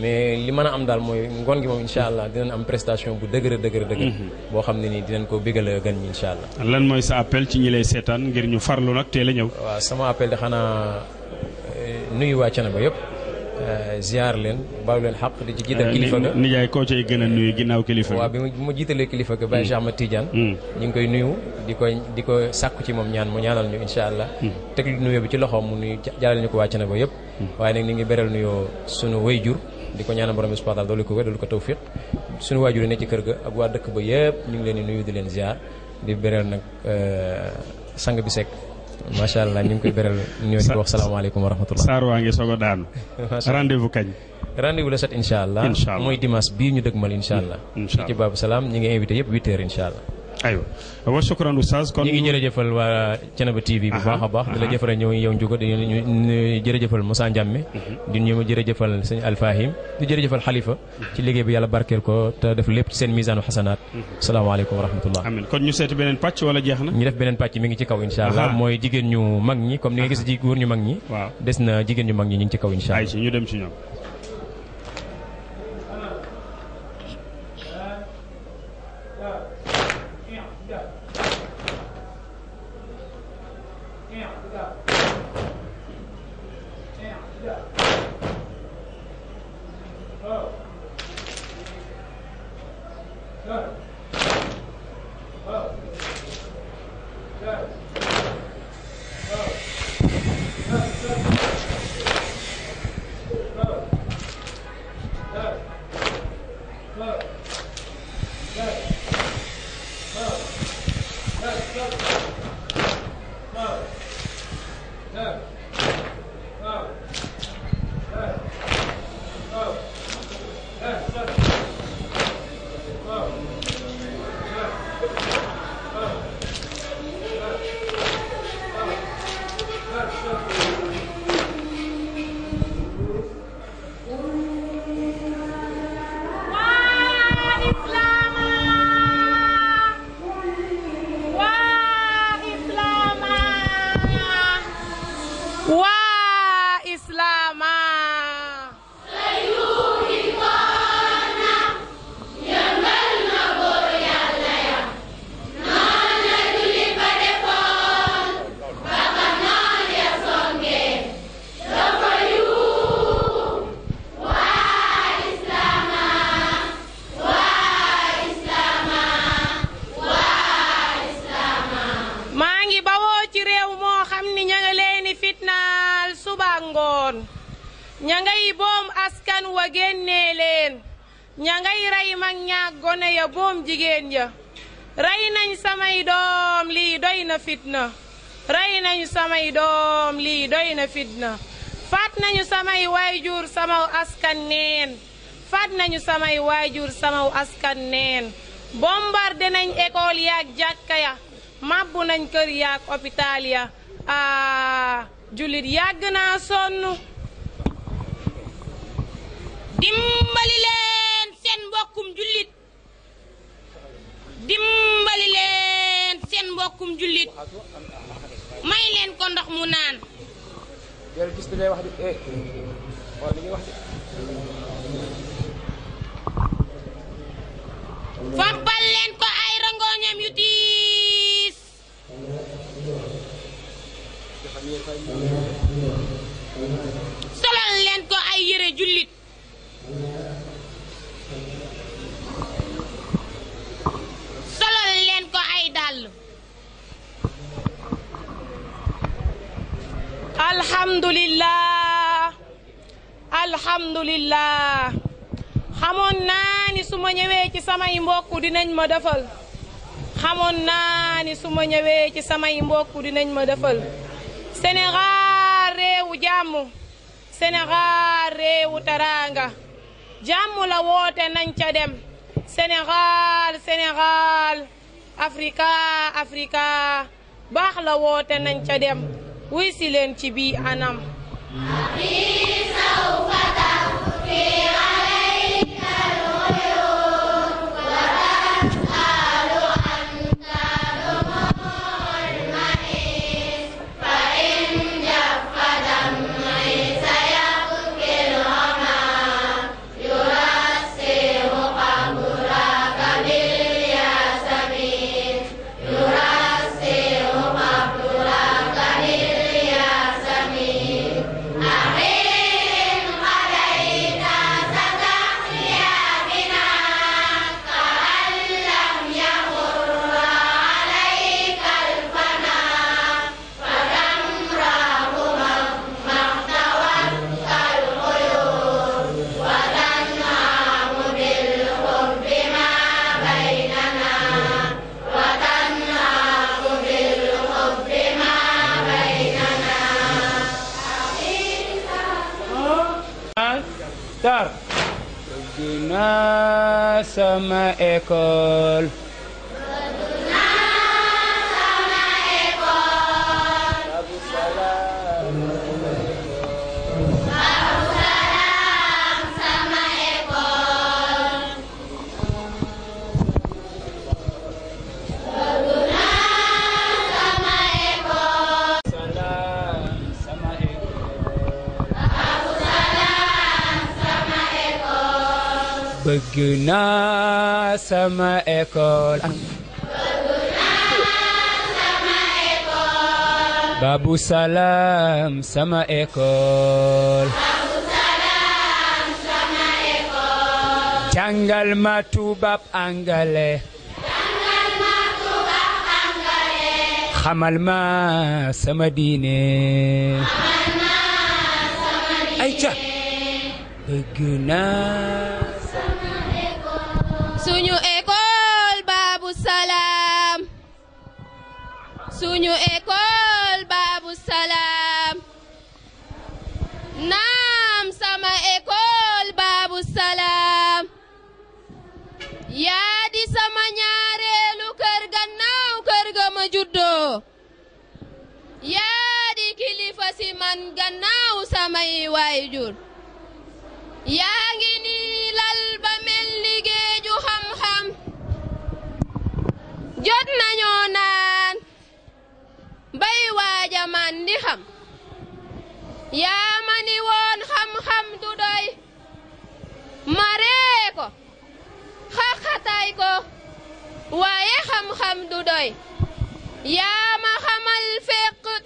mais li man a am daal mooy ngoon gi moom incha allah dinañ am prestation bu dëgër dëgër dëgër. boo xam ne nii dinañ ko bégal gan ñi incha allah. lan mooy sa appel ci ñi lay seetaan ngir ñu farlu nag teel a ñëw. waaw sama appel de xanaa euh, nuyu waa Thiénaba yëpp. Euh, ziar leen baalu leen xaq di ci jiital euh, kilifa ga nijaay koo cay gën nuyu ginnaaw kilifa waaw bi ma jiitalee kilifa ga Baye mm. Cheikh Ahmed Tidiane mm. ñu ngi koy nuyu di koy di ko sàkku ci moom ñaan mu ñaanal ñu insha allah mm. teg lu nuyoo bi ci loxo mu nuyu jàllale ñu ko wàcc na ba yëpp waaye nag ni ngi beral nuyoo sunu wayjur di ko ñaanal borom bi subhanahu wa doolu ko wér doolu ko tawfiq sunu waajur yi ne ci kër ga ak waa dëkk ba yëpp ñu ngi leen di nuyu di leen ziar di beral nag euh, sang bi sekk macha allah ni mu koy beral ñoo di wax salaamaaleykum wa rahmatullah saar waa ngi soog a daanu. [LAUGHS] rendez-vous kañ. rendez-vous la set incha allah. incha allah mooy dimanche bii ñu dëgmal incha allah. incha allah fii ci Babou Salam ñu ngi invité yëpp 8h incha aywa wa shukran oustaz kon ñu ngi jërëjëfal waa Thiénaba TV bu baax a baax di la jëfara ñëw yow njugo di jërëjëfal Moussa Ndiame mhm. di ñu jërëjëfal sëñ Alfahim di jërëjëfal Xalifa mhm. ci liggéey bi yàlla barkeel ko te def lépp ci seen misaanu xasanaat mhm. salaamaaleykum wa rahmatullah amiin kon ñu seeti beneen pàcc wala jeex na ñu def beneen pàcc mi ngi ci kaw insha allah mooy jigéen ñu mag ñi comme ni nga gis ji góor ñu mag ñi des na jigéen ñu mag ñi ñu ngi ci kaw insha allah ñu dem ci ñoom fitna rey nañu samay doom lii doy na fitna faat nañu samay waayjur samaw askan neen faat nañu samay waajur samaw askan neen bombardé nañ école yaak jàkka ya màbbu nañ kër yaak hôpital ya aa ah, jullit yàgg naa sonn dimbali leen seen mbokkum jullit ko ndox mu naan wax de eh fompal leen ko ay rangooñam yu tiis. solal leen ko ay yére jullit. solal leen ko ay dàll. alhamdulillah alhamdulillah xamoon naa ni su ma ñëwee ci samay mbokk dinañ ma defal xamoon naa ni su ma ñëwee ci samay mbokk dinañ ma defal Sénégal réewu jàmm Sénégal réewu teraanga jàmmu la woote nañ ca dem Sénégal Sénégal Afrika Afrika baax la woote nañ ca dem wuy si ci bii anam. Sarr bëgg naa sama école bëgg naa sama école. Ah. Babou Salam sama école. jàngal ma tubaab angale. xamal ma sama diine. ayca bëgg naa. suñu école Babou Salam naam sama école Babou Salam yaa di sama ñaareelu kër gannaaw kër ga ma juddoo yaa di kilifa si man gannaaw samay waayjur yaa ngi nii lal ba mel liggéeju jot nañoo naa bay waaja man di xam yaa ni woon xam-xam du doy ma ree ko ko waaye xam-xam du doy yaa ma xamal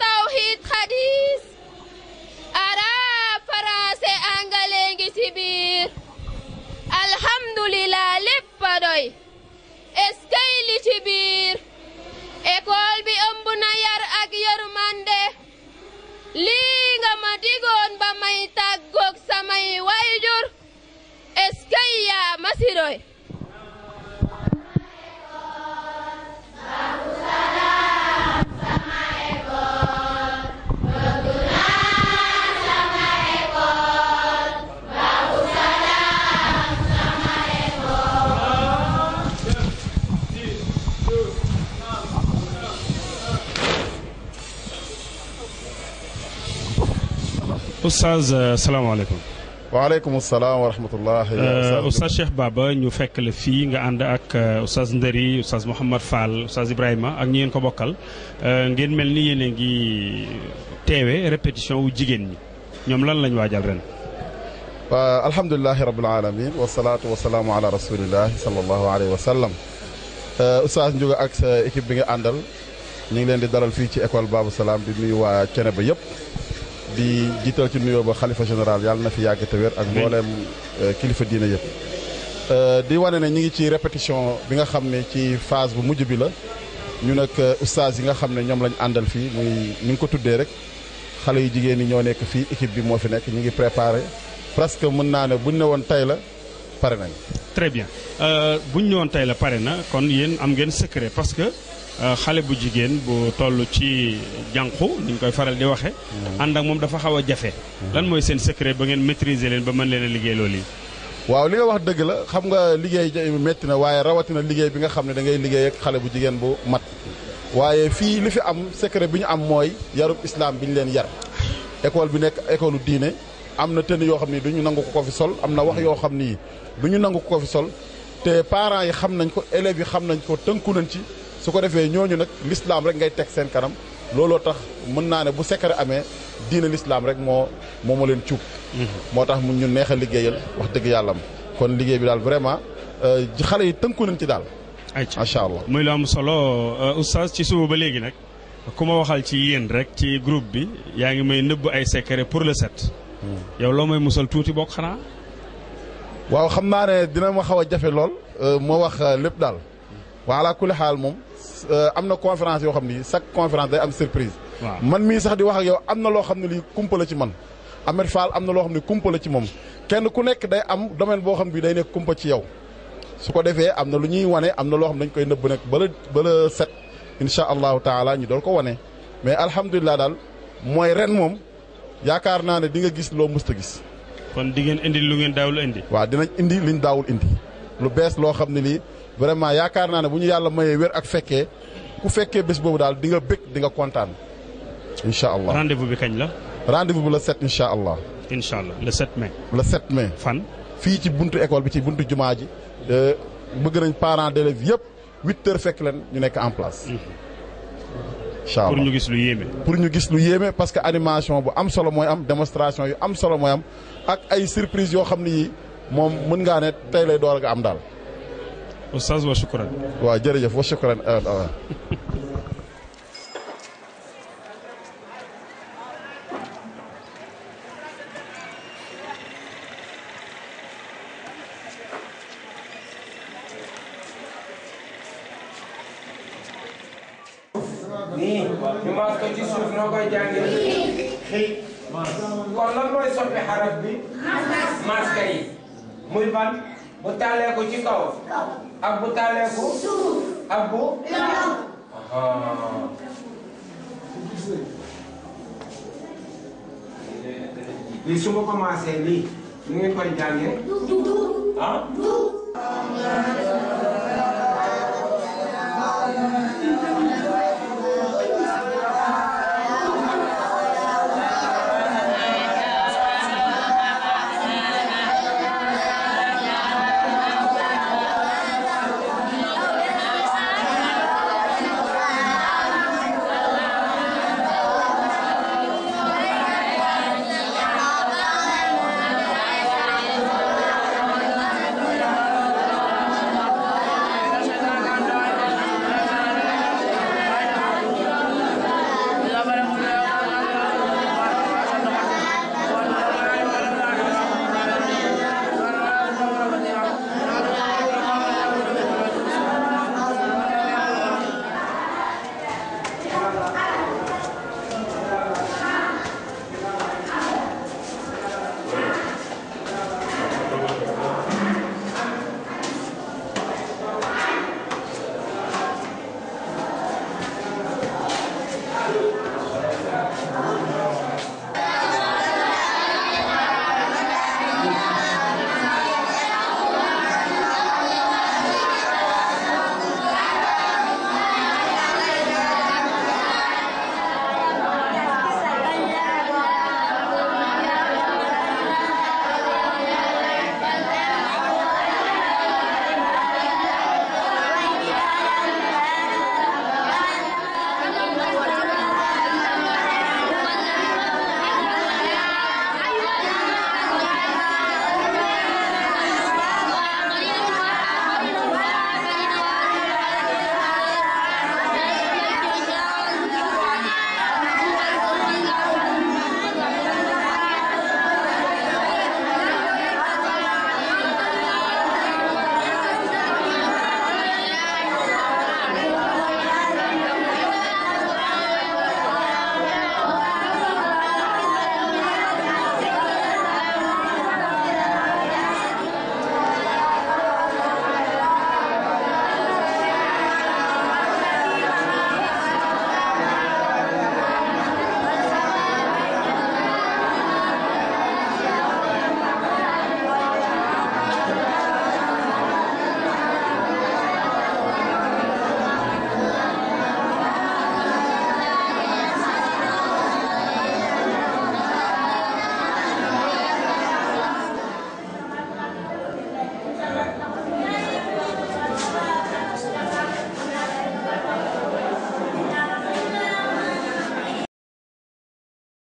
tawxiid xadiis araab français anglais ngi ci biir doy eskay li école bi ëmb na yar ak yërmande lii nga ma digoon ba may tàggoog samay wayjur eskay yaa ma oustaz euh, salaamaaleykum. waaleykum salaam wa euh, ñu fekk la fii nga ànd ak euh, oustaz Ndëri oustaz Mouhamad Fall oustaz Ibrahima ak ñi ngeen ko bokkal ngeen mel ni yéen ngi teewe répétition wu jigéen ñi ñoom lan lañ waajal ren. alhamdulilah rabil wa wasalaatu wasalaamu ala rasulillah sallallahu alayhi wa sallam. oustaz Ndiouga ak sa équipe bi nga àndal ñu ngi leen di dalal fii ci école baabu salaam di nuyu waa Thiénaba yëpp. di jiital ci nuyoo ba xalifa général yàlla na fi yàgg te wér ak mbooleem euh, kilifa diine yëpp euh, di wane ne ñu ngi ci répétition bi nga xam ne ci phase bu mujj bi la ñu nag euh, ustaas yi nga xam ne ñoom lañ àndal fii muy ñu ngi ko tuddee rek xale yu jigéen ñi ñoo nekk fii équipe bi moo fi nekk ñu ngi préparé presque mën naa ne buñ ne woon tey la pare nañ très bien buñ ne woon tey la pare na kon yéen am ngeen secret parce que Euh, xale bu jigéen bu toll ci jànqu ni koy faral di waxe mm. ànd ak moom dafa xaw a jafe. Mm. lan mooy seen secret ba ngeen maîtriser leen ba mën leen a liggéey loolu yi. waaw li nga wax dëgg la xam nga liggéey métti na waaye rawatina liggéey bi nga xam ne da ngay xale bu jigéen bu mat. waaye fii li fi am secret bi ñu am mooy yarub islaam bi ñu leen yar école bi nekk école diine am na tën yoo xam ni duñu nangu ko fi sol am na wax yoo xam ni du ñu nangu ko fi sol te parents yi xam nañ ko élèves xam nañ ko tënku nañ ci. su ko defee ñooñu nag lislaam rek ngay teg seen kanam looloo tax mën naa ne bu sekkare amee diine lislaam rek moo moo ma leen cuub mhm. moo tax mu ñu neex liggéeyal wax dëgg yàlla kon liggéey bi daal vraiment euh, xale yi tënku nañ ci daal macha allah muy la am solo euh, oustaz ci suba ba léegi nag ku ma waxal ci yéen rek ci groupe bi yaa ngi may nëbb ay secret pour le set hmm. yow loo may musal tuuti bokk xanaa waaw xam naa ne dina ma xaw a jafe lool euh, moo wax lépp daal Euh, am na conférence yoo xam ni chaque conférence day am surprise. man mii sax di wax ak yow am na loo xam ne lii kumpa ci man. Ahmed Fall am na loo xam ne kumpa la ci moom kenn ku nekk day am domaine boo xam bi day nekk kumpa ci yow su ko defee am na lu ñuy wane am na loo xam ne dañ koy nëbb nag bala bala set incha allahu taala ñu doon ko wane. mais alhamdulilah daal mooy ren moom yaakaar naa ne di nga gis loo mësta gis. kon di ngeen indi lu ngeen daawul indi. waaw dinañ indi liñ daawul indi lu bees loo xam ne lii. vraiment yaakaar naa ne bu ñu yàlla mayee wér ak fekkee ku fekkee bés boobu daal di nga bëgg di nga kontaan incha allah. rendez-vous bi kañ la. rendez-vous bi le 7 incha allah. incha allah le 7 mai. le 7 mai fan. fii ci buntu école bi ci buntu jumaa ji euh, bëgg nañ parents d'élèves yëpp huit heures fekk leen ñu nekk en place. Mhm. incha allah pour ñu gis lu yéeme. pour ñu gis lu yéeme parce que animation bu am solo mooy am démonstration yu am solo mooy am ak ay surprise yoo xam ne yii moom mën ngaa ne tey lay door nga am daal. Oustaz wa shukran. waaw jërëjëf wa shukran waaw. nii ñu maas ko ci suuf noo koy jàngee. xëy. kon lan mooy soppi xaraf bi. maas kay. muy ban. bu taalee ko ci kaw. ak bu taaleeku. suuf ak bu. law. lii su ma commencé lii ñu ngi koy jàngee. Ah?